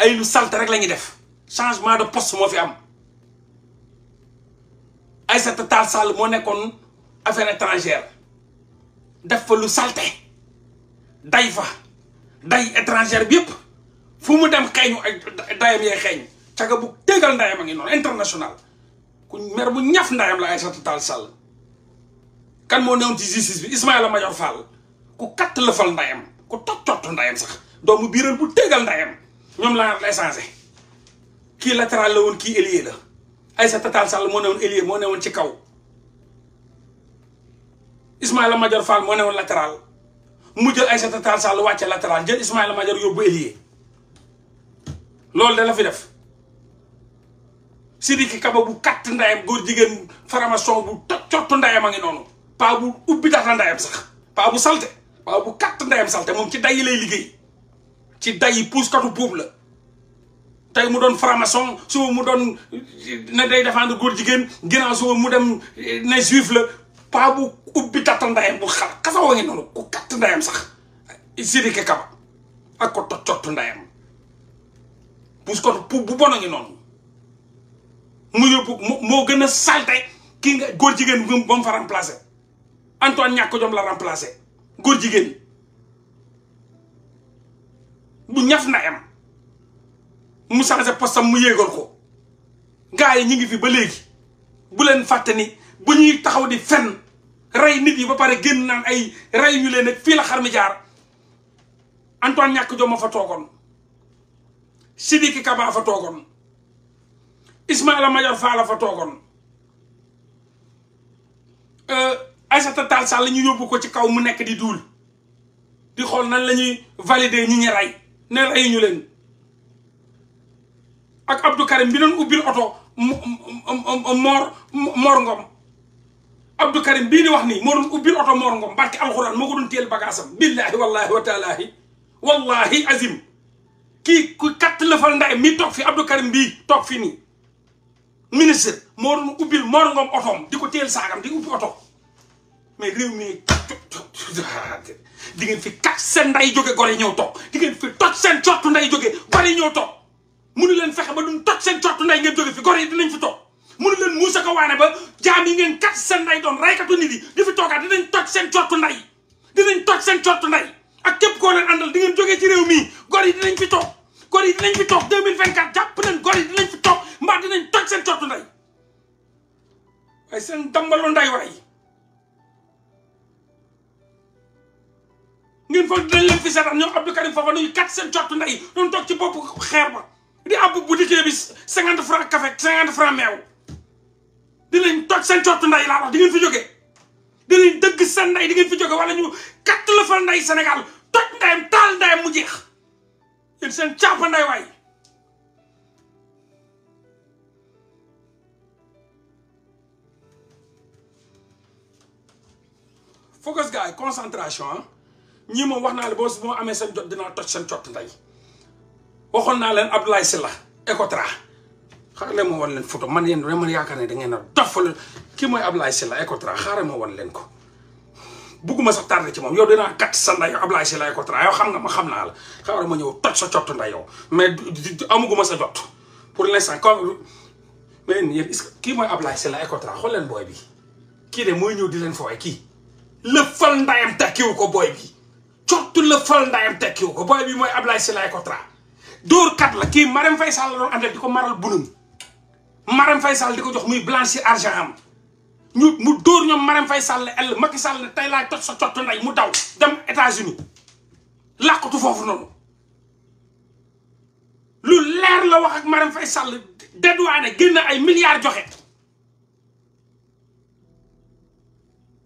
ay lu salte rek lañuy def changement de post moo fi am Aïssata Tall Sall moo nekkoon affaire étrangère def fa lu salte day fa nday étrangère bi yëpp fu mu dem xeeñu ak ndayam yee xeeñ caga bu tégal ndayam a ngi noonu international ku mer bu ñaf ndayam la Aïssata Tall Sall kan moo newoon ci justice bi Ismaïla Madior Fall ku katt lëfal ndayam ku toccott ndayam sax doomu biiral bu tégal ndayam ñoom la la kii latéral la woon kii ailier la Aïssata Tall Sall moo newoon ailier moo newoon ci kaw Ismaïla Madior Fall moo newoon latéral mu jël Aïssata Tall Sall wàcce latéral jël Ismaïla Madior yóbbu ailier loolu de la fi def Sidiki Kaba bu katt ndayam góor jigéen faramason bu tot cott ndayam a ngi noonu paa bu ubbi tax ndayam sax paa bu salte paa bu katt ndayam salte moom ci day yi lay liggéey ci day yi puuskatu puub la tey mu doon franc-maçon suba mu doon ne day défendre góor jigéen ginnaaw suba mu dem ne juif la paa bu ubbi tatta ndayam bu xar xasawoo noonu ku katt ndayam sax Sidiki Kaba ak ko tot cottu ndayam bu ko noonu mu yóbbu moo gën a salte kii nga góor jigéen bi ba mu fa remplacé Antoine jigéen bu ñaf ndayam mu changé postam mu yéegal ko gars yi ñu ngi fi ba léegi bu leen fàtte ni bu ñuy taxaw di fenn rey nit yi ba pare génn naan ay rey ñu leen fii la xar jaar Antoine ñàkk jom fa toogoon Sidiki Kaba fa toogoon Ismaïla Madior Fall a fa toogoon euh, Aïssata Tall Sall la ñu yóbbu ko ci kaw mu nekk di duul di xool nañ la ñuy valider ñi rey ne reyu ñu leen ak Abdou Karim bi doon ubbil oto Mor Mor Ngom Abdou Karim bii ni wax nii moo doon ubbil oto Mor Ngom barke alxuraan moo ko doon téel bagaasam billaahi wallaahi wa taalaahi wallaahi azim kii ku katt lëfal nday mi toog fi Abdou Karim bii toog fi nii ministre moo doon ubbil Mor Ngom otoom di ko téel saagam di ubbi oto mais réew mi di ngeen fi kat seen nday jóge gore ñëw toog di ngeen fi toj seen cottu nday jóge gore ñëw toog munu leen fexe ba duñ toj seen cottu nday ngeen jóge fi gore yi dinañ fi toog mënu leen muusa ko waane ba jaam yi ngeen kat seen nday doon raykatu nit yi di fi toogaat dinañ toj seen cottu nday dinañ toj seen cottu nday ak képp koo leen àndal di ngeen ci réew mii gor yi fi toog gor yi fi toog 2024 jàpp leen gor yi dinañ fi toog mbaa dinañ toj seen cottu nday waaye seen dambalu nday waay ngeen foog dinañ leen fi seetaan ñoom Abdou Karim Fofana yu kat seen cottu nday doon toog ci bopp xeer ba di àbb bu dikkee bi cinquante franc café cinquante franc meew dinañ toj seen cott nday laa wax di ngeen fi jógee dinañ dëgg seen nday di ngeen fi jóge wala ñu katt la fa nday Sénégal toj ndayam taal ndayam mu jeex yéen seen caapa nday waay focus gars concentration ah. ñii moom wax naa la boo boo amee seen jot dinaa toj seen cott nday waxoon naa leen Abdoulaye la Ecotra xaaral ma wan leen photo man yéen dama yaakaar ne da ngeen a dof la kii leen ko. bugguma sax tardé ci moom yow dinaa kat sa nday Ablaye Sylla Ecotra yow xam xam naa la xaaral ma ñëw toj sa cottu nday yow mais amuguma sa jot pour l'instant comme mais yéen est kii mooy Ablaye Sylla Ecotra xool leen booy bi kii de mooy ñëw di leen fooy kii. lëfal ndayam tekkiwu ko booy bi cottu lëfal ndayam tekkiwu ko booy bi mooy Ablaye Sylla Ecotra dóor kat la kii Marème Faye Sall la doon àndal di ko maral bunum Marème fay Sall di ko jox muy blanchir argent am ñu mu dóor ñoom Marème Faye Sall ell Macky Sall ne tey laay toj sa cottu ndey mu daw dem États-Unis làqatu foofu noonu lu leer la wax ak Marème Faye Sall dédouané génn ay milliards joxe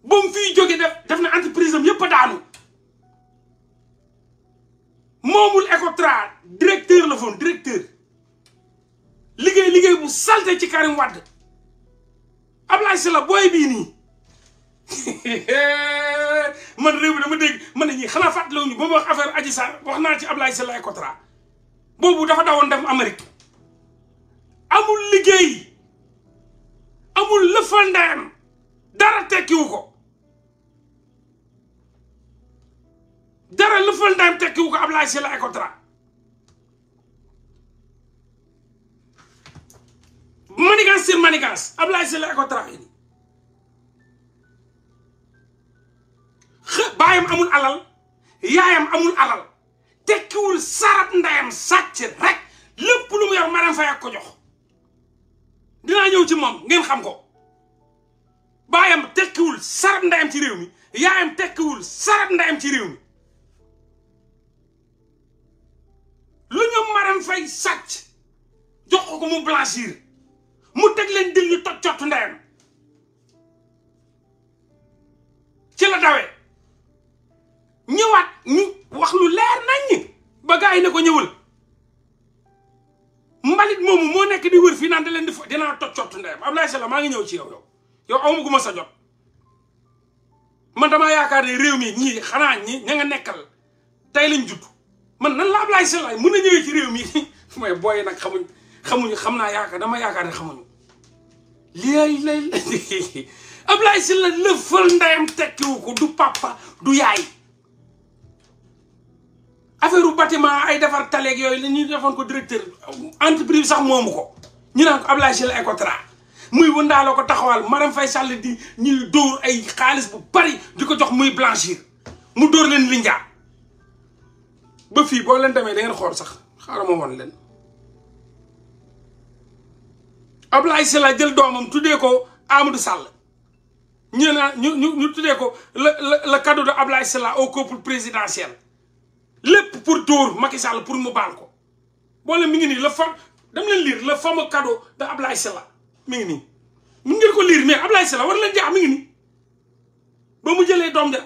ba mu fiy jóge def def na entreprise am yëpp a daanu moomul Ecotra directeur la foon directeur liggéey liggéey bu salte ci Karim Wade Ablaye Sylla booy bii (laughs) man réew mi dama dégg man nañu xanaa fàttaliwu ñu ba ma wax affaire Adji Sarr wax naa ci Ablaye Sylla boobu dafa dawoon dem Amérique amul liggéey amul lëfal ndeyam dara tekkiwu ko dara lëfal ndeyam tekkiwu ko Ablaye Sylla ay contrat manigance sur manigance Ablaye Sylla a ko trahi baayam amul alal yaayam amul alal tekkiwul sarab ndayam sàcc rek lépp lu mu yor Marème ak ko ñox dinaa ñëw ci moom ngeen xam ko baayam tekkiwul sarab ndayam ci réew mi yaayam tekkiwul sarab ndayam ci réew mi lu ñu Marème Faye sàcc jox ko ko mu blanchir mu teg leen dil yu toj cottu ndeyam ci la dawee ñëwaat ñu wax lu leer nañ ba gars yi ne ko ñëwul mbalit moomu moo nekk di wër fii naan da leen di fa dinaa toj cottu ndeyam Abdoulaye Sylla maa ngi ñëw ci yow yow yow awma gu ma sa jot man damaa yaakaar ne réew mi ñii xanaa ñi ña nga nekkal tey lañ judd man nan la Abdoulaye Sylla mën na ñëwee ci réew mi (laughs) mooy booy nag xamuñ xamuñu xam naa yaakaar dama yaakaar ne xamuñu lii lay (laughs) Ablaye Sylla lëfal ndeyam tekkiwu ko du papa du yaay affaire u bâtiment ay defar taleeg yooyu la ñu defoon ko directeur entreprise sax moomu ko ñu naan ko Ablaye Sylla Ecotra muy wëndaaloo ko taxawal Marème fay Sall di ñu dóor ay xaalis bu bari di ko jox muy blanchir mu dóor leen linjaa ba fii boo leen demee da ngeen xool sax xaaral ma woon leen Ablaye Sylla jël doomam tuddee ko Amadou Sall ñu naan ñu ñu ñu tuddee ko la le cadeau de Ablaye Sylla au couple présidentiel lépp pour dóor Macky Sall pour mu baal ko boole mi ngi nii le fam dam leen lire le fameux cadeau de Ablaye Sylla mi ngi nii. mu ngeen ko liir mais Ablaye Sylla war leen jaax mi ngi nii ba mu jëlee doom ja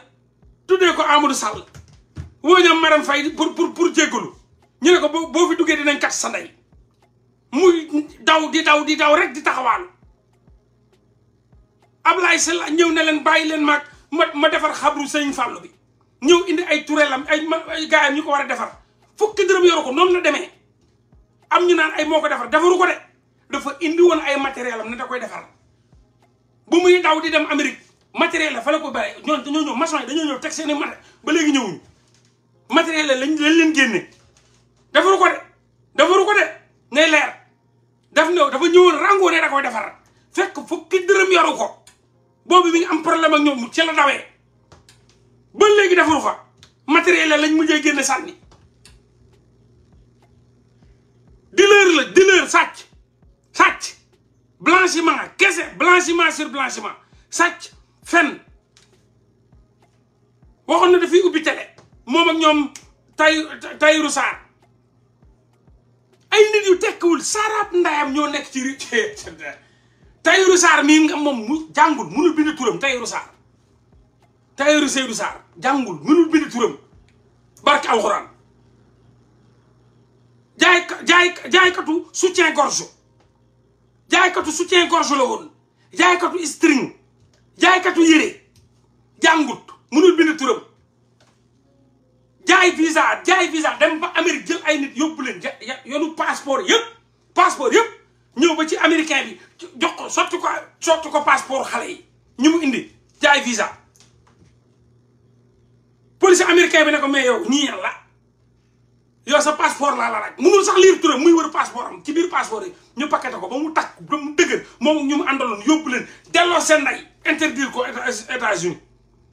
tuddee ko Amadou Sall woo ñoom Marème Faye pour pour pour jéggalu ñu ne ko boo fi duggee dinañ kat sa ndey muy. daw di daw di daw rek di am taxawaan Ablaye Sylla ñëw na leen bàyyi leen maag ma ma defar xabru sëñ Fallou bi ñëw indi ay tureelam ay ay gaayam ñu ko war a defar fukki dërëm yoru ko noonu la demee am ñu naan ay moo ko defar defaru ko de indi woon ay matériel am ne da koy defar bu muy daw di dem Amérique matériel la fa ko bàyyi ñoom dañoo ñëw maçon dañoo ñëw teg seen i mat ba léegi ñëwuñu matériel la lañ lañ leen génne defaru ko de defaru ko de nay leer daf ne dafa ñëwoon rango ne da koy defar fekk fukki dërëm yoru ko boobu mi ngi am problème ak ñoom ci la dawee ba léegi defaru fa matériel la lañ mujjee génne sànni dealer la dealer sàcc sàcc blanchiment kese blanchiment sur blanchiment sàcc fen waxoon na dafay ubbi télé moom ak ñoom tay tayru saar ay nit yu tekkiwul saaraab ndayam ñoo nekk ci (laughs) Tahirou Sarr mii nga moom mu jàngul mënul bind turam Tahirou Sarr Tahirou Seydou Sarr jàngul mënul bind turam barke alxuraan jaay jaay jaaykatu soutien gorge jaaykatu soutien gorge la woon jaaykatu string jaaykatu yére jàngut mënul bind turam jaay visa jaay visa dem ba Amérique jël ay nit yóbbu leen yonu passeport yëpp passeport yëpp ñëw ba ci américain bi jox ko sotti ko sotti ko passeport xale ñu mu indi jaay visa. police américain bi ne ko mais yow ñii yàlla yow sa passeport laa la laaj mënul sax liir turam muy wër passeport am ci biir passeport yi ñu paqueté ko ba mu takk ba mu dëgër moom ñu mu àndaloon yóbbu leen delloo seen ndey interdire ko États-Unis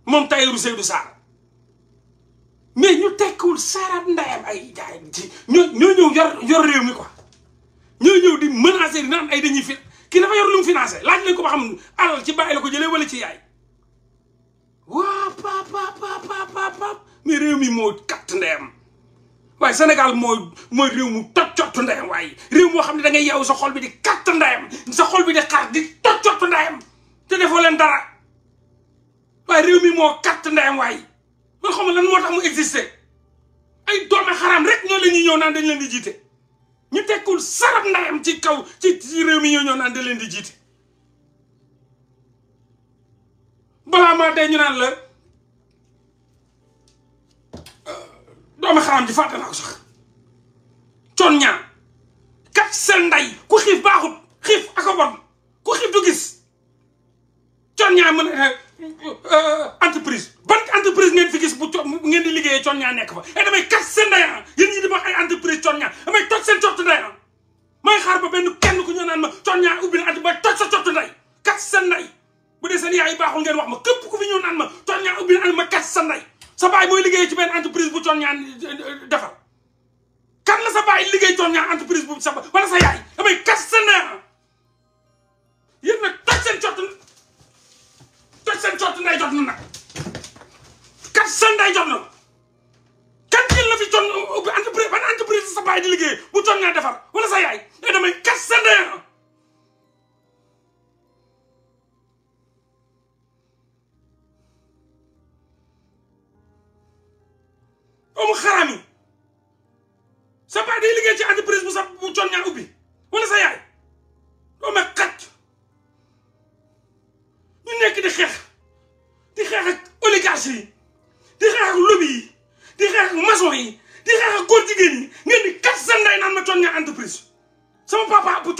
moom Tahirou Seydou Sarr. mais ñu tekkul saarat ndayam ay jaay ñoo ñoo ñëw yor yor réew mi quoi ñoo ñëw di menacer di naan ay dañuy fi kii dafa yor lu mu financé laaj lañ ko ba xam alal ci bàyyi la ko jëlee wala ci yaay waa pa pa pa pa mais réew mi moo katt ndeyam waaye Sénégal mooy mooy réew mu tojjottu ndeyam waaye réew moo xam ne da ngay yeewu sa xol bi di katt ndeyam sa xol bi di xar di tojjottu ndeyam te defoo leen dara waaye réew mi moo katt ndeyam waaye man ma lan moo tax mu existé xaram naan dañ leen di jiite ñu tekkul sarab ndayam ci kaw ci mi ñoo ñëw naan dañ leen di ñu naan la euh, doomi xaram ji ko sax coon ñaa kat seen nday ku xiif baaxut xiif ak a ku xiif du gis coon ñaa mën a Euh, entreprise ban entreprise ngeen fi bu co ngeen di liggéeyee con ñaa nekk fa et eh, damay kat seen ndeyaan ah. yéen ñi di wax ay entreprise con ñaa damay toj seen cottu ndeyaan ah. may xaar ba benn kenn ku ñëw naan ma con ñaa ubbi na at ba toj sa cottu ndey kat wax ma képp ku fi na at ma kat sa baay mooy liggéeyee ci benn entreprise bu con ñaa eh, eh, defar kan la sa baay liggéey con ñaa entreprise bu sa wala sa yaay damay kat seen ndeyaan ah. yéen nag toj seen quatre cent cott jot na nag quatre cent jot na ubbi entreprise ban entreprise di liggéey bu con naa defar wala sa yaay day damay ah. quatre cent nday omu xaraam yi sa baay day ci entreprise bu sa bu ubbi wala sa yaay doo ma xat ñu nekk di xeex xeex ak oligarchie di xeex ak lobby di xeex ak maçon yi di xeex ak góor yi ngeen di kat ma entreprise sama papa ëpp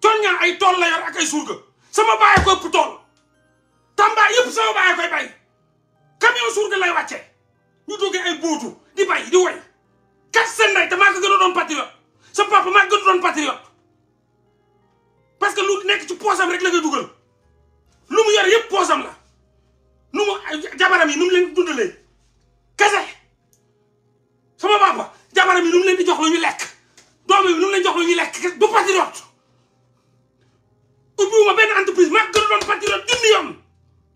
con ñaa ay tool la yor ak ay surga sama bàyyi ko ëpp tool tamba yëpp sama bàyyi koy bay camion surga lay wàcce ñu duggee ay bóotu di bay di woy kat ko patriote sama papa maa ko gën patriote parce que lu nekk ci poosam rek la nga dugal lu mu yor la jabaram yi nu mu leen dundalee kese sama papa jabaram yi nu leen di jox lu ñu lekk doom yi nu mu leen jox lu ñu lekk du patriote ubbiwuma benn entreprise maa gën a doon patriote junni yoon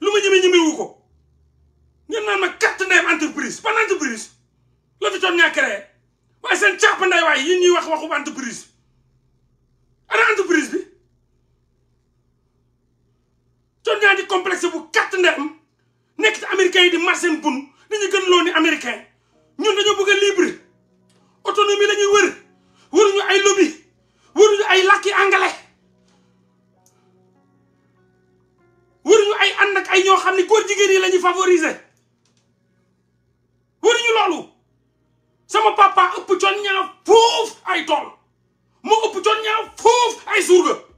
lu ma ñeme ñeme wu ko ngeen naan ma carte ndeyam entreprise ban entreprise la fi toon ñaa créé waaye nday waay yi ñuy wax waxu entreprise defar seen bun dañu gën loo ni américain ñun dañoo bëgg a libre autonomie la ñuy wër wëruñu ay lobby wëruñu ay làkki anglais wëruñu ay ànd ay ñoo xam ne góor jigéen yi lañuy favorise favoriser wëruñu loolu sama papa ëpp coon ñaa foofu ay tool moo ëpp coon ñaa foofu ay surga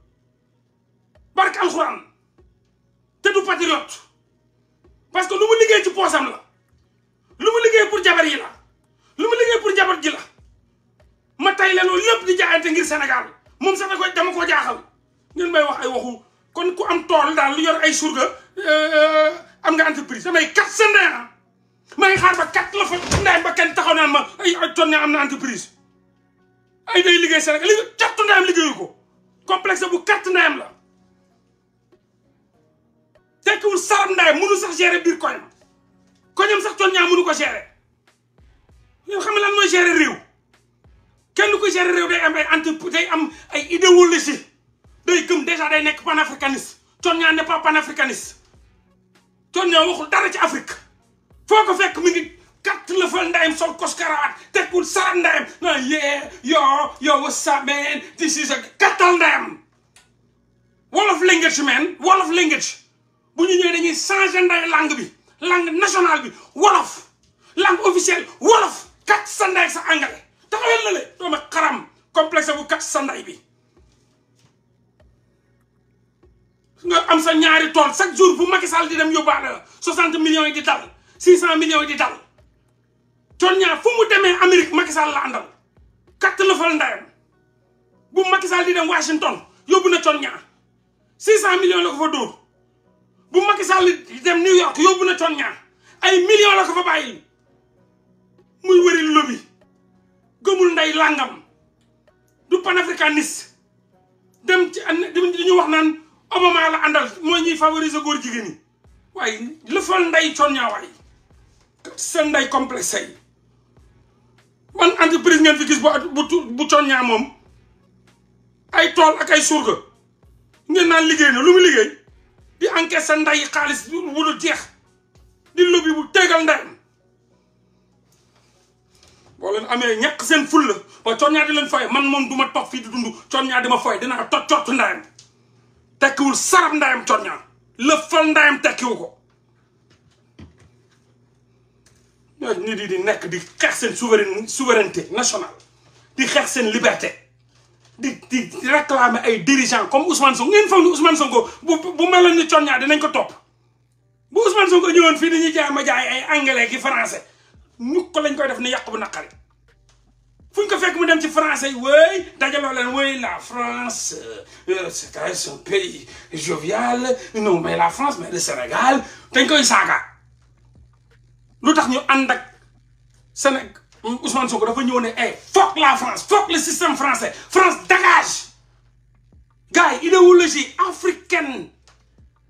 Sénégal moom sax da koy dama ko jaaxal ngeen may wax ay waxu kon ku am tool daal lu yor ay surga euh, am nga entreprise damay kat sa ndeyam ah. maa ngi xaar ba kat la fa taxaw naan ma ay ton ne entreprise ay liggéey Sénégal li kat ndeyam liggéeyu ko complexe bu kat ndeyam la tekkiwul saram ndeyam mënu sax gérer biir koñam koñam sax ton ñaa mënu ko gérer yow xam nga lan mooy gérer réew kenn ko gérer réew day am ay anti day am ay idéologie day gëm déjà day nekk panafricaniste Thione Niang n'est pas panafricaniste Thione Niang waxul dara ci Afrique foo ko fekk mu ngi katt la fal ndayem sol koskaraat tegul sarat ndayem na yee yoo yoo what's up a kattal ndayem wolof language man wolof language bu ñu ñëwee dañuy changé nday langue bi langue nationale bi wolof langue officielle wolof kat sa nday sa anglais taxawel na le dooma xaram complexe bu kat sa bi nga am sa ñaari tool chaque jour bu Macky Sall di dem yóbbaale la soixante millions yi di dal six cent millions yi di dal coon ñaar fu mu demee Amérique Macky Sall la àndal katt na fal ndayam bu Macky di dem Washington yóbbu na coon ñaar six cent millions la ko fa dóor bu Macky Sall di dem New York yóbbu na coon ñaar ay millions la ko fa bàyyi muy wëri lobby gëmul nday langam du panafricaniste dem ci ñu wax naan Obama la andal moy ñi favoriser goor jigéen yi le lëfal nday coon way sa nday complexe man entreprise ngeen fi gis bu bu coon ñaa mom ay tol ak ay surga ngeen naan liggéey na lu mu liggéey di encaisse sa nday xaliss bu lu jeex di lobby bu tegal ndam boo leen amee ñàkk seen ful la waaye coon ñaa di leen fooye man moom duma ma fii di dund coon ñaa di ma fooye dinaa toj cott ndayam tekkiwul sarab ndayam coon ñaa lëfal ndayam tekkiwu ko ñooñu nit di nekk di xeex seen souverain souveraineté national di xeex seen liberté di di réclamer ay dirigeants comme Ousmane Sonko ngeen foog ni Ousmane Sonko bu bu meloon ni coon ñaa dinañ ko topp bu Ousmane Sonko ñëwoon fii dañuy jaay ma jaay ay anglais ki français ñuk lañ koy def ni nakari ko fekk mu dem français la France euh, c'est un pays jovial non mais la France mais le Sénégal dañ koy saaga ñu ànd Sénégal Ousmane Sonko dafa ñëw ne eh la France sommes le système français France dégage gars idéologie africaine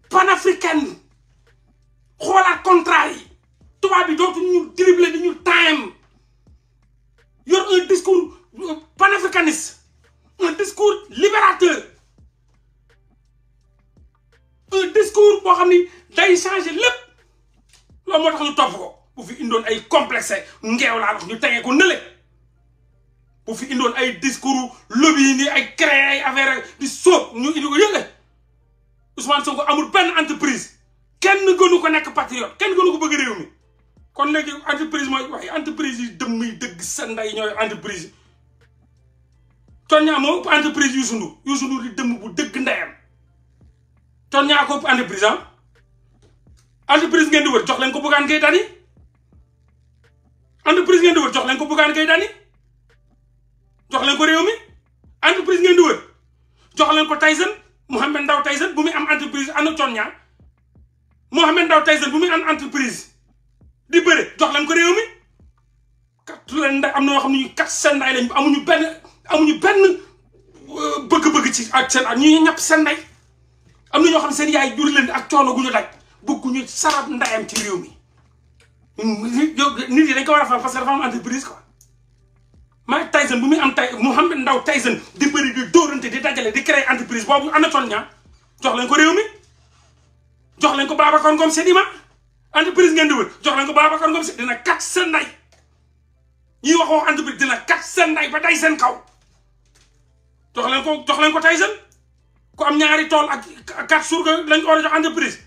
panafricaine xoolaat la yi tubaab bi dootu ñu dribbler di ñu time yor un discours euh, panafricaniste un discours libérateur un discours boo xam ni day changer lépp loolu moo tax ñu topp ko bu fi indoon ay complexe ngeew laa wax ñu tegee ko nële bu fi indoon ay discours lobby yi nii ay créer ay affaire di sóob ñu indi ko yële Ousmane Sonko amul benn entreprise kenn gënu ko nekk patriote kenn gënu ko bëgg réew mi kon legi entreprise moy wax entreprise yi dëmm yi deug sa nday ñoy entreprise ton Tonia mo entreprise yu Ndour yu Ndour di dem bu deug ndayam ton Tonia ko entreprise ah entreprise ngeen di wër jox leen ko bugan kay tani entreprise ngeen di wër jox leen ko bugan kay tani jox leen ko rew mi entreprise ngeen di wër jox leen ko Tyson mohammed Ndao Tyson bu mi am entreprise ana Tonia mohammed Ndao Tyson bu mi am entreprise di bëri jox leen ko réew mi kattu leen ndax am na ñoo xam ne ñu kat seen nday lañ amuñu benn amuñu benn euh, bëgg-bëgg ci ak seen ak ñu ñàpp seen nday am na ñoo xam ne seen yaay jur leen ak coono gu ñu daj bëgguñu sarab ndayam ci réew mi nit yi dañ ko war a fal parce que dafa am entreprise quoi Mike Tyson bu muy am tay Mouhamed Ndao Tyson di bëri di dóorante di dajale di créer entreprise boobu Anatole Niang jox leen ko réew mi jox leen ko Babacar Ngom Sedima entreprise ngeen di wër jox nañ ko Babacar Ngom si dina kat seen nday ñuy wax wax entreprise dina kat seen nday ba tey seen kaw jox leen ko jox leen ko tey seen ko am ñaari tool ak quatre surga lañ ko war a jox entreprise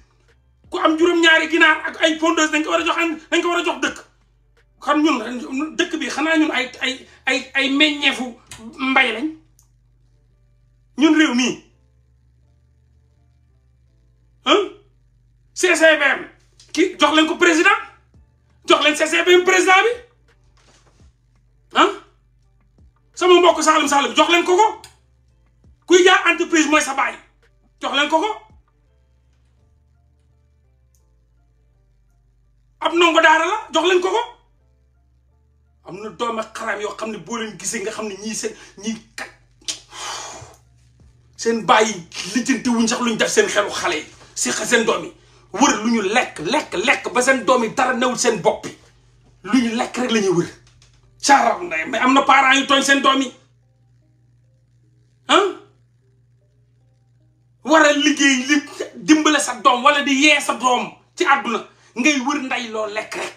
ku am juróom-ñaari ginaar ak ay pondeuse dañ ko war a jox dañ ko war a jox dëkk xam ñun dëkk bi xanaa ñun ay ay ay ay meññeefu mbay lañ ñun réew mii CCBM ki jox leen ko président jox leen CCBM président bi ah sama mbokk Saalum Saalum jox leen ko ko kuy jaay entreprise mooy sa baay jox ko ko ab ndongo daara la jox leen ko ko am na doom ak xaraam yoo xam ne boo leen gisee nga xam ne ñii seen ñii kat seen baay li lijjanti wuñ sax luñ def seen xelu xale yi si seen doom yi. wër lu ñu lekk lekk lekk ba seen doom yi dara newul seen bopp lu ñu lekk rek la ñuy wër caaram nday mais am na parents yu tooñ seen doom yi ah war a liggéey li dimbale sa doom wala di yee sa doom ci àdduna ngay wër nday loo lekk rek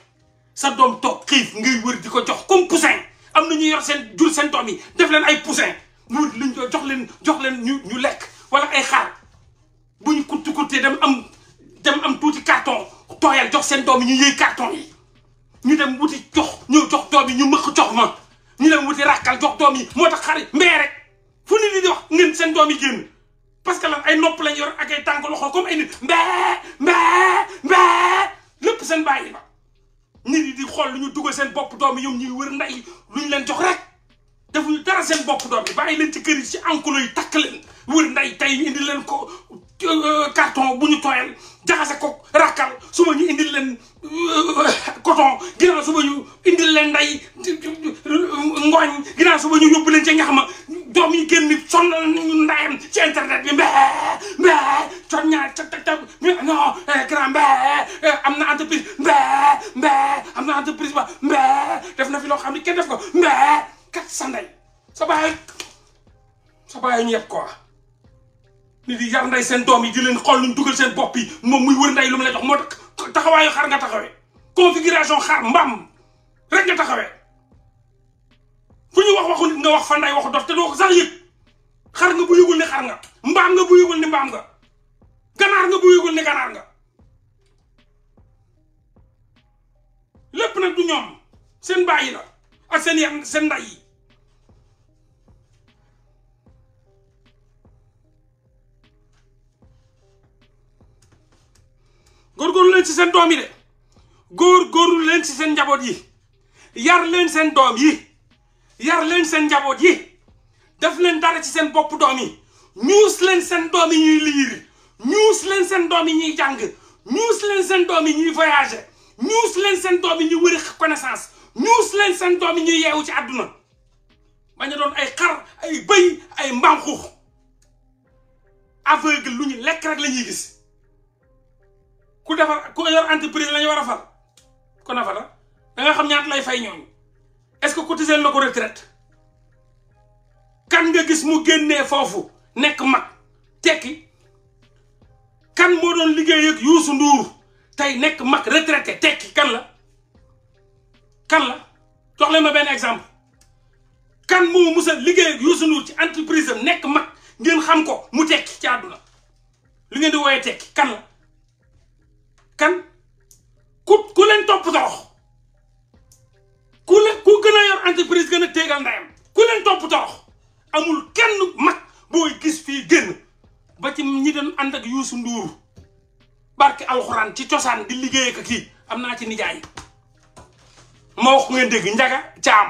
sa doom toog xiif ngay wër di ko jox comme poussin am na ñu yor seen jur seen doom yi def leen ay poussin wër luñ jox leen jox leen ñu ñu lekk wala ay xaar buñ kutti kuttee dem am dem am tuuti carton tooyal jox seen doom yi ñu yëy carton yi ñu dem wuti jox ñëw jox doom yi ñu mëq jox ma ñu dem wuti ràkkal jox doom yi moo tax xarit mbee rek fu nit ñi di wax seen doom yi génn parce que lan ay nopp lañ yor ak ay tànk loxo ay nit mbee mbee mbee lépp seen bàyyi ma nit yi di xool lu ñu dugal seen bopp doom yi ñoom ñuy wër nday lu ñu leen jox rek defuñu dara seen bopp doom yi bàyyi leen ci kër si ci enclos yi takk leen wër nday tey indi leen ko euh, carton bu ñu tooyal jaxase ko rakkal suba ñu indil leen euh, coton ginnaaw suba ñu indil leen nday ngooñ ginnaaw suba ñu yóbbu leen ca ñax ma doom yi génn sonnal nañu ndayam ci internet bi mbee mbee con ñaar ca tag tag non eh, grand mbee eh, am na entreprise mbee mbee am na entreprise ba mbee def na fi loo xam ne kenn def ko mbee kat sa ndey sa bàyyi sa bàyyi ñu yëpp quoi ni di yar nday seen doom yi di leen xool luñ dugal seen bopp yi moom muy wër nday lu mu la jox moo tax taxawaayu xar nga taxawee configuration xar mbaam rek nga taxawee fu ñu wax waxu nit nga wax fa nday waxu dof te doo ko sax yëg xar nga bu yëgul ni xar nga mbaam nga bu yëgul ni mbaam nga ganaar nga bu yëgul ni ganaar nga lépp nag du ñoom seen bàyyi la ak seen yar seen nday yi góorgóorlu leen ci seen doom yi de góorgóorlu leen ci seen njaboot yi yar leen seen doom yi yar leen seen njaboot yi def leen dara ci seen bopp doom yi ñuus leen seen doom yi ñuy liir ñuus leen seen doom yi ñuy jàng ñuus leen seen doom yi ñuy voyager ñuus leen seen doom yi ñuy wëri connaissance ñuus leen seen doom yi ñuy yeewu ci àdduna bañ a doon ay xar ay bëy ay mbanxux aveugle lu ñu lekk rek lañuy gis ku defar ku yor entreprise lañu wara war a fal ko na fata ah? da nga xam ñaata lay fay ñooñu est-ce que cotiser nako retraite kan nga gis mu genné fofu nek mak teki kan mo doon liggéey ak Youssou Ndour tay nek mag retraité teki kan la kan la jox leen ma ben exemple kan mo musa liggéey ak Youssou Ndour ci entreprise nek nekk ngeen xam ko mu teki ci aduna li ngeen di woyé teki kan la kan ku ku leen topp toox ku leen ku gën a yor entreprise gën a tegal ndayam ku leen topp toox amul kenn mag booy gis fii génn ba ci ñi doon ànd ak Youssou Ndour barke alxuraan ci cosaan di liggéey ak am naa ci nijaay ma wax ngeen dégg njaga caam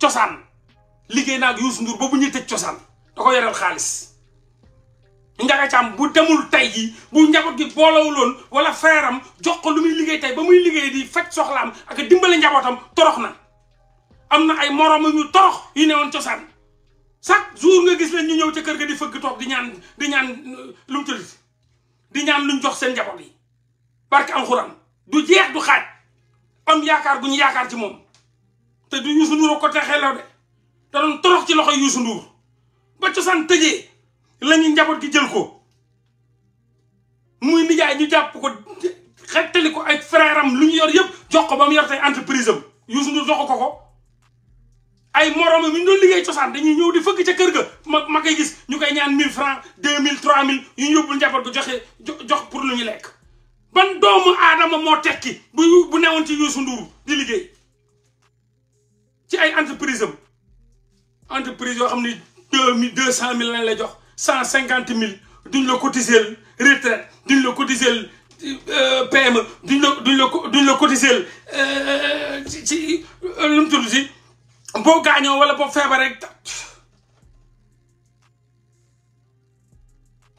cosaan liggéey naa ak Youssou Ndour ba bu tëj cosaan da ko yoreel xaalis Ndiaga cham bu demul tay jii bu njaboot gi boolewuloon wala feram jox ko lu muy liggéey tey ba muy di fajj soxlam ak dimbalé njabootam torox na ay morom ñu torox yi sak woon cosaan chaque jour nga gis leen ñu ñew ci kër ga di fëgg tok di ñaan di ñaan lu mu tudd di ñaan luñ jox seen njaboot yi barke alxuraan du jeex du xaj am yaakar guñu yaakar ci mom te du ko de da doon torox ci loxoy ba la ñu njaboot gi jël ko muy nijaay ñu jàpp ko xettali ko ay frère lu ñu yor yëpp jox ko ba mu yor tey entreprise am Youssou Ndour jox ko ko ay moromam yu ñu doon liggéey cosaan dañuy ñëw di fëgg ca kër ga ma ma koy gis ñu koy ñaan 1000 francs 2000 3000 yu ñu yóbbul njaboot bu joxe jox pour lu ñu lekk. ban doomu aadama moo tekki bu bu newoon ci Youssou Ndour di liggéey ci ay entreprise am entreprise yoo xam ne deux mille deux cent mille lañ jox. cent cinquante mille duñ la cotiser retraite duñ la cotiser euh, PME duñ la duñ la duñ la cotiser euh, ci ci euh, lu mu tudd boo gaañoo wala boo feebaree rek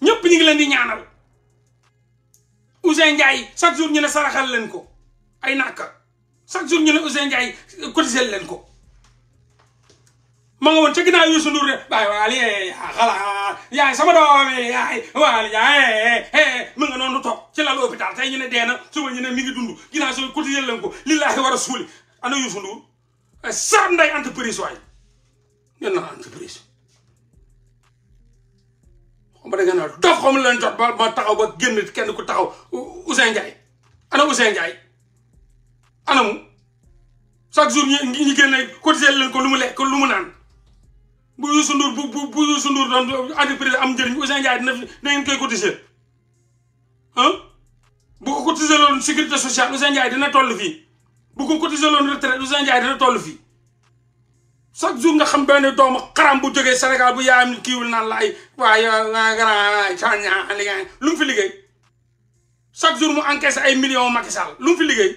ñëpp ñu ngi leen di ñaanal Ousseyn Ndiaye chaque jour ñu ne saraxal leen ko ay nàkk chaque jour ñu ne Ousseyn Ndiaye cotiser leen ko. ma nga woon ca ginnaaw Youssou Ndour de waaye waali ee xala yaay sama doom yaay waali yaay mu nga noonu toog ci lalu hôpital tey ñu ne dee na suba ñu ne mi ngi dund ginnaaw soo cotisé leen ko lillaahi war a suuli ana Youssou Ndour sar nday entreprise waay ngeen na entreprise xam da ngeen na dof xam leen jot ba ma taxaw ba génn kenn ku taxaw Ousseyn Ndiaye ana Ousseyn Ndiaye ana mu chaque jour ñu ñu génne cotisé leen ko lu mu lekk lu mu naan bu Youssou Ndour bu bu bu Youssou Ndour doon entreprise am njëriñ Ousseyn Ndiaye dina ngeen koy cotiser ah bu ko cotiser loon sécurité sociale Ousseyn Ndiaye dina toll fii bu ko cotiser loon retraite Ousseyn Ndiaye dina toll fii chaque jour nga xam benn doomu xaram bu jógee Sénégal bu yaayam kiiwul naan la ay waaye grand changement li lu mu fi liggéey chaque jour mu encaisse ay millions Macky lu mu fi liggéey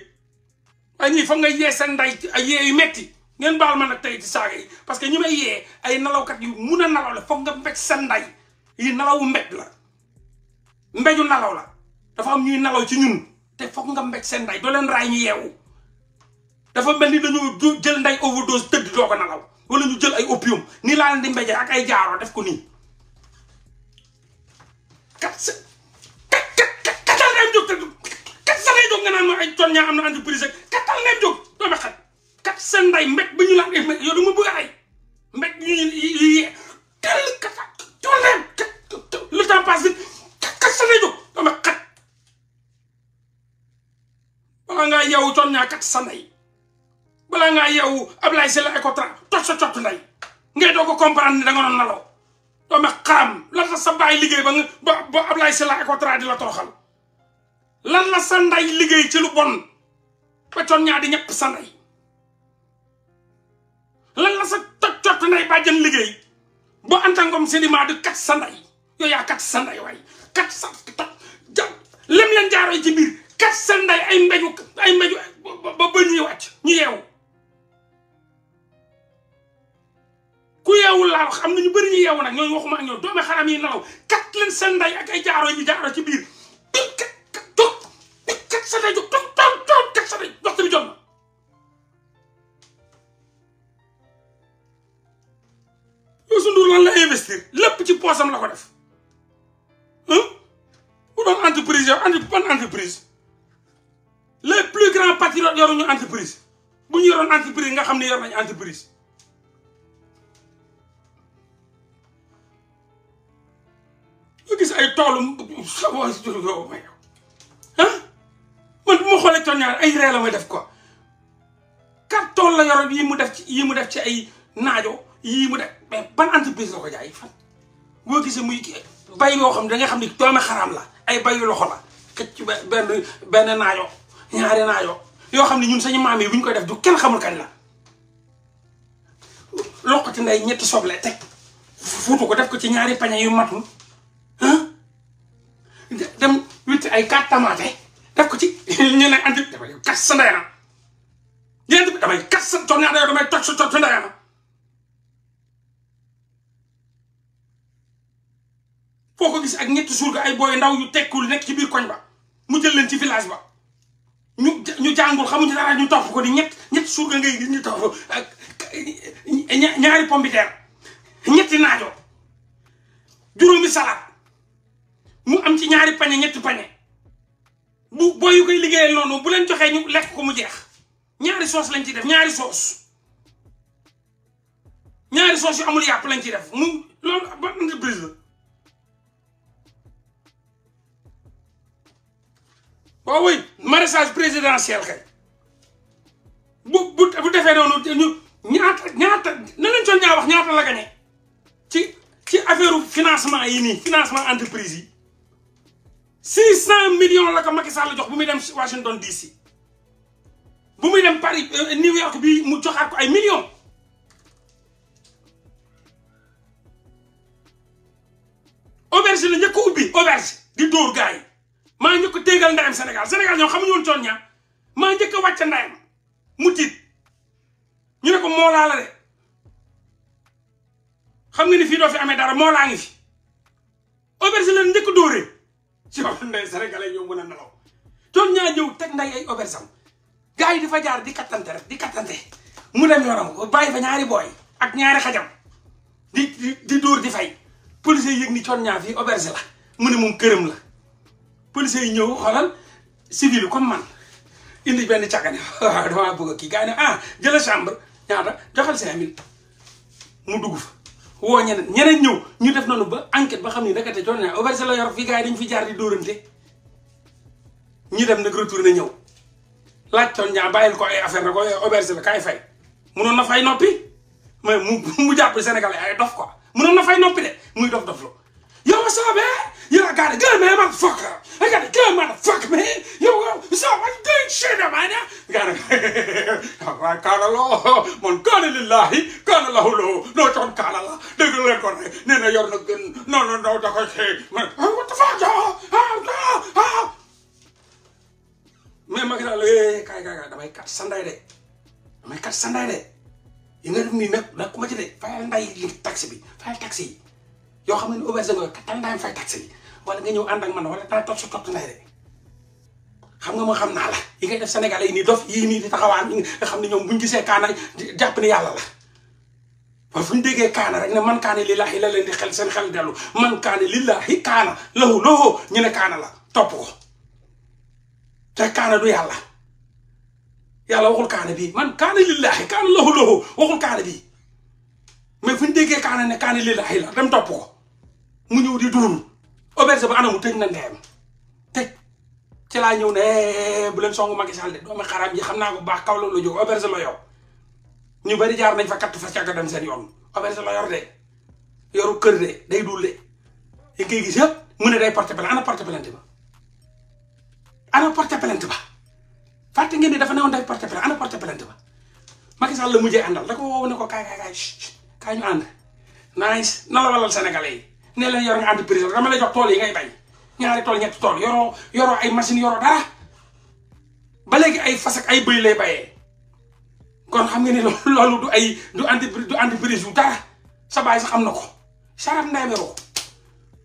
waaye ñii foog nga yee seen ndey ay yee yu metti ngeen baal ma nag tey ci saaga yi parce que ñi may yee ay nalawkat yu mun a nalaw la foog nga mbéj seen nday yi nalawu mbéj la mbéju nalaw la dafa am ñuy nalaw ci ñun te foog nga mbéj seen nday doo leen raay ñu yeewu dafa mel ni dañoo jël nday overdose tëdd doo ko nalaw wala ñu jël ay opium nii laa leen di mbéjee ak ay jaaroo def ko nii kat sa kat kat katal ngay jóg kat sa ngay jóg nga naan ma ay jon ñaa am na entreprise ak katal ngay jóg doo ma xat kat sa ndey mbéj bi ñu la def mbéj yow dama bëgg a rey mbéj ñu ñu tel kat jox leen le temps passe kat sa ndey jóg dama xat balaa ngaa yeewu coon ñaa kat sa ndey balaa ngaa yeewu Ablaye Sylla Ecotra toj sa cott ndey ngay doo ko comprendre da nga doon naloo dama xaam lan la sa bàyyi liggéey ba nga ba Ablaye Sylla Ecotra di la toroxal lan la sa ndey liggéey ci lu bon ba coon ñaa di ñepp sa ndey lan la sa toj cott nday bàjjan liggéey boo antangom sédiment de kat sa nday yow yaa kat sa nday waay kat sa toj ja lem leen jaaroo ci biir kat sa nday ay mbeju ay mbeju ba ba ñuy wàcc ñu yeewu ku yeewul laa wax am na ñu bëri ñu yeewu nag ñooñu waxuma ak ñoom doomi xaram yi nelaw kat leen sa ak ay jaaroo yi jaaroo ci biir kat kat kat sa nday jóg toog sa Youssou Ndour lan la investir lépp ci poosam la ko def bu doon entreprise yow entre ban entreprise les plus grands patriotes yoruñu entreprise bu ñu yoroon entreprise nga xam ne yor nañu entreprise nga gis ay toolu yow may ah man bu ma xoolee coon ñaar ay ree la may def quoi quatre tool la yoroon yii mu def ci yii mu def ci ay naajo yii mu def mais ban entreprise la ko jaay fan boo gisee muy bay yoo xam da nga xam ni doomi xaraam la ay bayu loxo la këcc benn benn naajo ñaari naajo yoo xam ne ñun sañu maam bu ñu koy def du kenn xamul kañ la loqati nday ñetti soble teg fuutu ko def ko ci ñaari pañe yu matul ah dem a ay quatre tamaate def ko ci (laughs) ñu ne anti damay kat sa ndeyam ñeenti damay kat sa coono ñaar damay koo ko gis ak ñetti surga ay booy ndaw yu tekkul nekk ci biir koñ ba mu jël leen ci village ba ñu ñu jàngul xamuñu dara ñu topp ko di ñett ñetti surga ngay gis ñu topp ak ñaari pombiteer ñetti naajo juróomi salade mu am ci ñaari pañe ñetti pañe bu booy yu koy liggéeyee noonu bu leen joxee ñu lekk ko mu jeex ñaari soos lañ ci def ñaari soos ñaari soos yu amul yàpp lañ ci def mu loolu ba entreprise la waaw oh oui président présidentiel bu bu bu defee noonu ñaata ñaata na ñaa wax ñaata la gañe ci ci affaire financement yi nii financement entreprise yi six cent millions la ko Macky Sall jox bu muy dem Washington DC bu muy dem Paris euh, New York bi mu joxaat ko ay million auberge la njëkk ubbi auberge di dóor gars yi maa njëkk a téegal ndayam Sénégal Sénégal ñoom xamuñu woon coon ñaa maa njëkk a wàcc mu tiit ñu ne ko moolaa xam nga ni fii doo fi amee dara moolaa ngi fi auberge la njëkk a dóoree ci wàllu ndey Sénégalais ñoo mën a nelaw ñaa ñëw teg nday ay auberge am gars di fa jaar di kattante rek di kattante mu dem yoonam ko fa ñaari booy ak ñaari xajam di door di fay policier yëg ni coon ñaa fii auberge la mu ne moom këram la. policiers yi ñëw xoolal civil comme man indi benn càggane waaw (laughs) damaa bëgg kii gars yi ne ah jëla chambre ñaata joxal cinq mille mu dugg fa woo ñeneen ñeneen ñëw ñu def noonu ba enquête ba xam ni ndekete jox na auberge la yor fii gars yi dañu fi jaar di dóorante ñu dem nag retourné ñëw laajtoon ñaa bàyyil ko ay affaire na ko auberge la kaay fay munoon na fay noppi mais mu (laughs) mu jàpp Sénégal ay dof quoi munoon na fay noppi de muy dof dof lo Yo, what's up, man? Yo, I got a gun, man, motherfucker. I got a gun, motherfucker, man. Yo, what's up? I can doing, shit, man. Got a right kind of law. Mon gun in the lie. Gun in the No, John Calala. Nigga, look on it. Nina, you're no No, no, no, no, no, no. What the fuck, y'all? Oh, no, oh. Me magina le kai kai kai damai kat sandai de. Damai kat sandai de. Ingat mi nak nak macam de. File dai taxi bi. File taxi. yoo xam ne auberge yooyu tan daañu fay taxi yi wala nga ñëw ànd ak man wala tan tot sa tot nay rek xam nga moo xam naa la yi ngay def senegal i nii dof yii nii di taxawaan nga xam ne ñoom buñu gisee kaana jàpp ne yàlla la waaye fu kaana rek ne man kaana lillaahi la leen di xel seen xel dellu man kaana lillaahi kaana lahu lahu ñu ne kaana la topp ko te kaana du yàlla yàlla waxul kaana bii man kaana lillaahi kaana lahu lahu waxul kaana bii mais fu ñu déggee kaana ne kaana lillaahi la dem topp ko mu ñëw di duur auberge ba anamu tëj na ndeyam tëj ci laa ñëw ne eh, bu leen songu Macky Sall de doomu xaraam yi xam naa ko bu baax kaw la jóg auberge la yow ñu bari jaar nañ fa katt fa càgg dem seen yoon auberge la de yoru kër de day duul de yi koy gis yëpp mu ne day porté plainte ana porté plainte ba ana porté plainte ba fàtte ngeen ni dafa newoon day porté plainte ana porté plainte ba Macky Sall la mujjee àndal da ko woowu ne ko kaay kaay kaay kaay ñu ànd nice na la walal sénégalais ne la yor nga entreprise dama lay jox tool yi ya, ngay bay ñaari tool ñet tool yoro yoro ay machine yoro dara ba legi ay fas ak ay beuy lay baye kon xam nga ni lolu du ay du entreprise du entreprise du dara sa bay sax amnako na nday Mero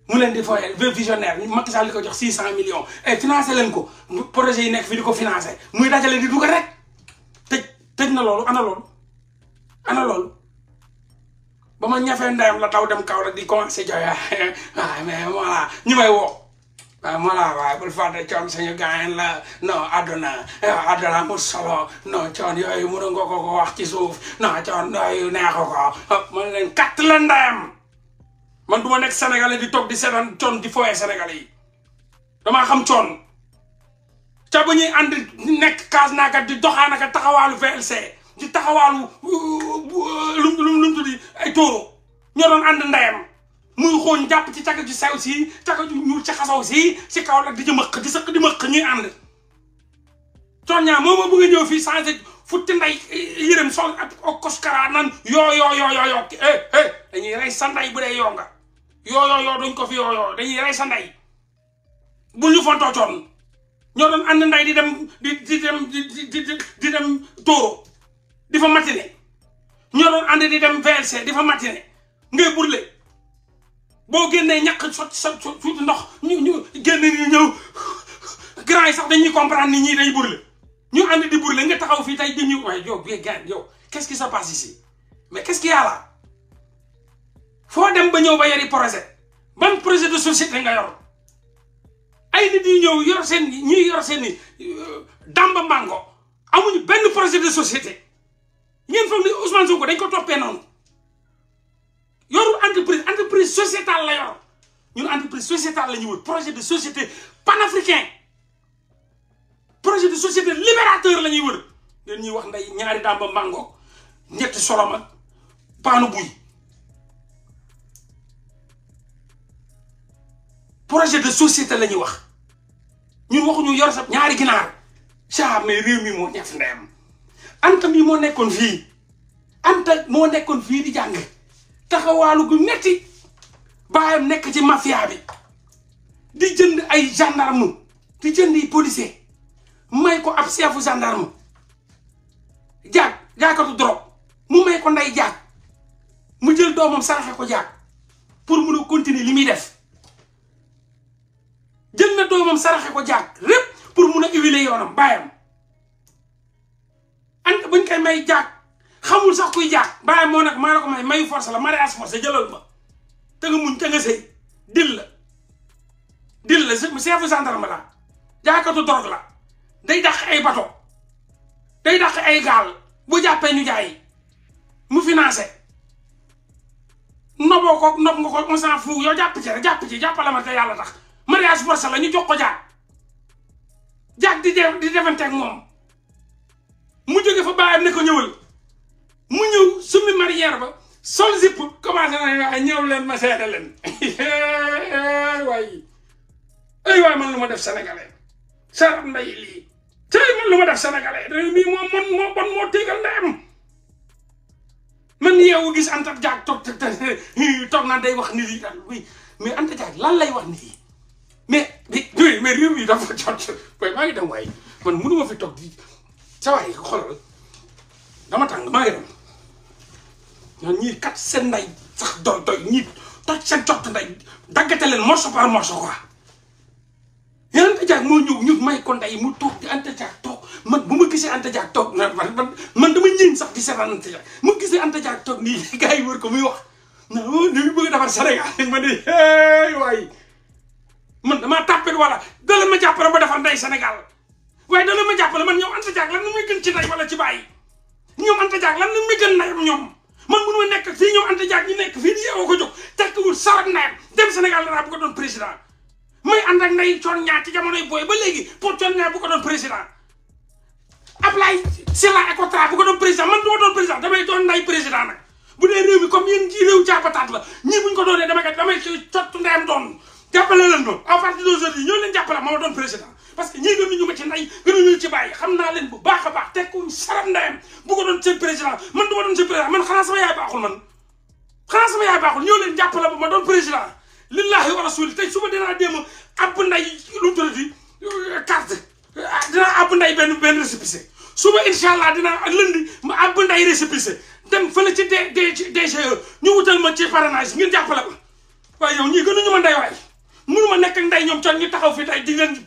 mu len di ve visionnaire Macky Sall liko jox 600 millions et eh, financer len ko projet yi nek fi di financer muy dajale di dugal rek tej tej na lolu ana lolu ana lolu ba ma ñafee ndeyam la daw dem kaw di commencé jooy waaye (laughs) ah, mais voilà ñu may woo waaye ah, voilà waaye bul fàtte coon suñu gaayen la non àdduna ah, àdduna mu solo non coon yooyu mënu ko ko wax ci suuf non coon yooyu neexu ko man leen katt la ndeyam man du ma nekk sénégalais di toog di seetaan coon di fooyee sénégalais yi damaa xam coon ca bu ñuy ànd nekk kaas naaka di doxaanaka taxawaalu VLC ci taxawaalu lu euh, lu lu tuddi ay tóoro ñoo doon ànd ndeyam muy xooñ jàpp ci caka ju sew si caka ju ñuul ci xasaw si si kaw la di ci mëq di sëq di mëq ñuy ànd coñaa moom moo bëgg a ñëw fii changé futti nday eh, yërëm sol ak koskara nan yoo yoo yoo eh, eh, dañuy rey sa ndey bu dee yoo nga yoo yoo yoo duñ ko fi yoo yoo dañuy rey sa ndey bu ñu fontoo coon ñoo doon ànd nday di dem di dem di di di dem tóoro di fa matiné ñoo doon ànd di dem VLC di fa matiné ngay burle boo génnee ñàkk sot sot suuti ndox ñu ñu ni ñëw grand yi sax dañuy comprendre ni ñii dañ burle ñu ànd di burle nga taxaw fii tey di ñu waaye yow bien gars yow qu'est-ce sa se passe mais qu'est-ce qu'il y foo dem ba ñëw ba yari projet ban projet de société nga yor ay nit ñi ñëw yor seen ñuy yor seen ni euh, damba mango amuñu benn projet de société ngeen foog ni Ousmane Sonko dañ ko toppee noonu yorul entreprise entreprise sociétale la yor ñun entreprise sociétale la ñu wër projet de société panafricain projet de société libérateur la ñuy wër ñuy wax nday ñaari damba mango ñetti soloma paanu buy projet de société la ñuy wax ñun waxuñu yor sa ñaari ginaar saa mais réew mi moo ñaf ndeyam anta mi moo nekkoon fii anta moo nekkoon fii di jàng taxawaalu gu metti baayam nekk ci mafia bi di jënd ay gendarme di jënd ay policier may ko ab chefu gendarme jaag jaakatu drogue mu may ko nday jaag mu jël doomam saraxe ko jaag pour mun a continuer li muy def jël na doomam saraxe ko jaag lépp pour mun a huiler yoonam baayam bu buñ koy may jaag xamul sax kuy jaag bàyyi moo nag maa la ko may mayu force la mariage forcé jëlal ma te nga muñ te nga sëy dil la dil la chef gendarme la jaakatu la day dàq ay bato day dàq ay gaal bu jàppee ñu jaay mu financé noboo ko nob nga ko on s'en fout yow jàpp ci rek jàpp ci jàppale ma te yàlla tax mariage forcé la ñu jox ko jaag jaag di def di moom mu jóge fa baayam ne ko ñëwal mu ñëw summi mariyère ba sol zip commencé na ay ñëw leen ma seede leen (laughs) waaye ay waay man lu ma def sénégalais sarat nday lii tey man lu ma def sénégalais réew mii moom mon moo bon moo tégal ndeyam man yeewu gis Anta Diagne toog (laughs) toog naa day wax nit yi daal oui mais Anta Diagne lan lay wax nit yi mais mais réew yi dafa jot koy maa ngi dem waaye man mënu ma fi toog di saa yi xoolal dama tàng maa ngi dem ñoom kat seen nday sax doy doy ñii toj seen jot nday daggate leen morceau par morceau quoi. yéen Anta Diak moo ñëw ñu may ko nday mu toog di Anta Diak toog man bu ma gisee Anta Diak toog man man man dama ñëw sax di seetaan Anta Diak mu gisee Anta Diak toog nii (laughs) gars yi wër ko muy wax. non non oh, ñu bëgg a defar Sénégal (laughs) ma ne hey waay man damaa tàppale wala dala ma jàppale ma defar nday Sénégal. waaye dana ma jàppale man ñoom Anta Diak lan la muy gën ci ndey wala ci bàyyi ñoom Anta la muy gën ndeyam man mënu ma nekk fii ñoom Anta Diak ñu nekk fii di yeewoo ko jóg tekkiwul sarak ndeyam dem Sénégal danaa bu ko doon président may ànd ak nday ci jamonoy booy ba léegi pour coon ñaar bu ko doon président Ablaye ko doon président ma doon président damay doon nday président nag bu dee réew mi comme yéen ci réew jàppataat la ñii buñ ko doonee damay damay cottu ndeyam doon jàppale leen ma à partir d'aujourd'hui ñoo leen jàppale ma ma doon président parce que ñii gënuñu ma ci nday gënuñu ci bàyyi xam naa leen bu baax a baax tekkuñ sarab ndayam bu ko doon seen président man du ma doon seen président man xanaa sama yaay baaxul man xanaa sama yaay baaxul ñoo leen jàppale ba ma doon président lillahi tey suba dinaa dem ab nday lu tëddati euh, carte ah, dinaa ab nday benn benn récépissé suba incha allah dinaa ak lëndi ma ab nday récépissé dem fële ci DGE ñu wutal ma ci parrainage ngeen jàppale ma waaye yow ñii gënuñu ma nday waay mënuma nekk ak nday ñoom con ñu taxaw fi tey di leen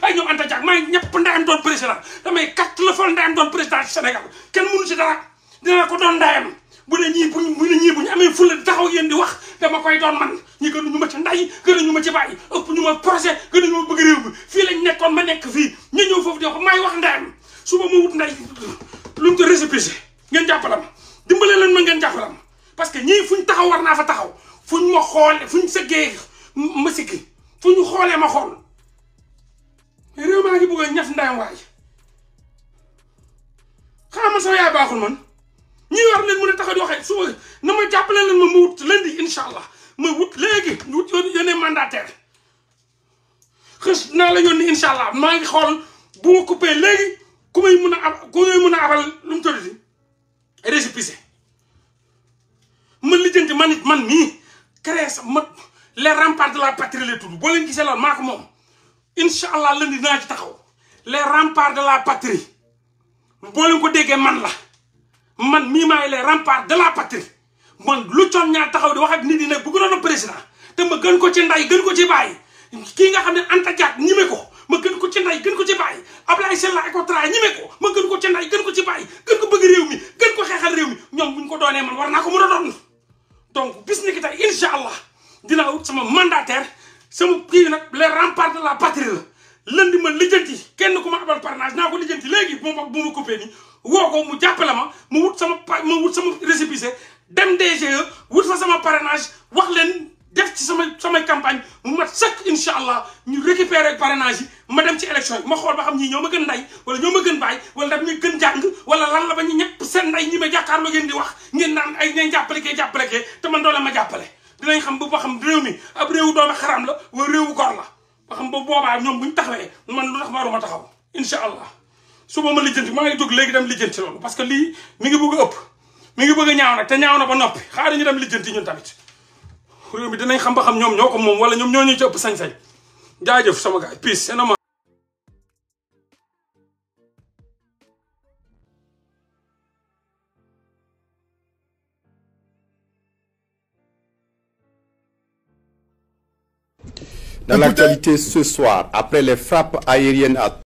ay ñoom Anta Diak maa ngi ñëpp ndayam doon président damay kat la fa ndayam doon président Sénégal kenn mënu ci dara dina ko doon ndayam bu ne ñii buñ bu ne ñii bu ñu amee fulla taxaw yéen di wax dama koy doon man ñi gënu ñu ma ci nday gënu ñu ma ci ëpp ñu ma projet gënu ma bëgg réew bi fii lañ nekkoon ma nekk fii ñu ñëw foofu di wax maay wax ndayam suba ma wut nday luñ ko récépissé ngeen jàppale ma dimbale leen ma ngeen jàppale ma parce que taxaw war naa fa taxaw fuñ ma xoole fuñ sëggee ma sikki fu ñu xoolee ma xool réew maa ngi bëgg a ñaf ndaam waay xanaa man sama yaay baaxul man ñi war leen mun a tax a di waxee suba na ma jàppale leen ma ma wut lundi allah ma wut léegi naa la yónni incha allah maa ngi xool bu ma coupé léegi ku may mën a ab ku may mën a abal lu mu tuddati récépissé ma lijjanti man man mii créé sa ma. le remparts de la patrie la tudd boo leen gisee loolu maa ko moom incha allah lundi naa taxaw les remparts de la patrie boo leen ko déggee man la man mii maay les remparts de la patrie man lu coon ñaa taxaw di wax ak nit ñi nag bugg na président te ma gën ko ci nday gën ko ci bàyyi kii nga xam ne Anta Diagne ñime ko ma gën ko ci nday gën ko ci bàyyi Ablaye Sylla Ecotra ñime ko ma gën ko ci nday gën ko ci bàyyi gën ko bëgg réew mi gën ko xeexal réew mi ñoom bu ñu ko doonee man war naa ko mën a doon donc bis ni ki tey incha allah dinaa wut sama mandataire sama kii nag les remparts de la patrie la lënd ma lijjanti kenn ku ma abal parrainage naa ko lijjanti léegi bu ma bu ma coupé nii woo ko mu jàppale ma mu wut sama ma wut sama récépissé dem DGE wut fa sama parrainage wax leen def ci sama samay campagne mu mat sëkk incha allah ñu récupérer parrainage yi ma dem ci élection yi ma xool ba xam ñii ñoo ma gën nday wala ñoo ma gën baay wala daf ñu gën jàng wala lan la ba ñu ñëpp seen nday ñi ma jàkkaarloo ngeen di wax ngeen naan ay ngeen jàppale kee jàppale kee te man doole ma jàppale dinañ xam ba xam réew mi ab réewu doomi xaram la wala wu gor la ba xam ba boobaa ñoom tax taxawee man lu tax waruma taxaw incha allah suba ma lijjanti maa ngi jóg léegi dem lijjanti loolu parce que lii mi ngi bëgg a ëpp mi ngi bëgg a ñaaw nag te ñaaw na ba noppi xaar ñu dem lijjanti ñu tamit réew mi dinañ xam ba xam ñoom ñoo ko moom wala ñoom ñoo ñu ci ëpp sañ-sañ jaajëf sama gars peace Dans l'actualité ce soir, après les frappes aériennes à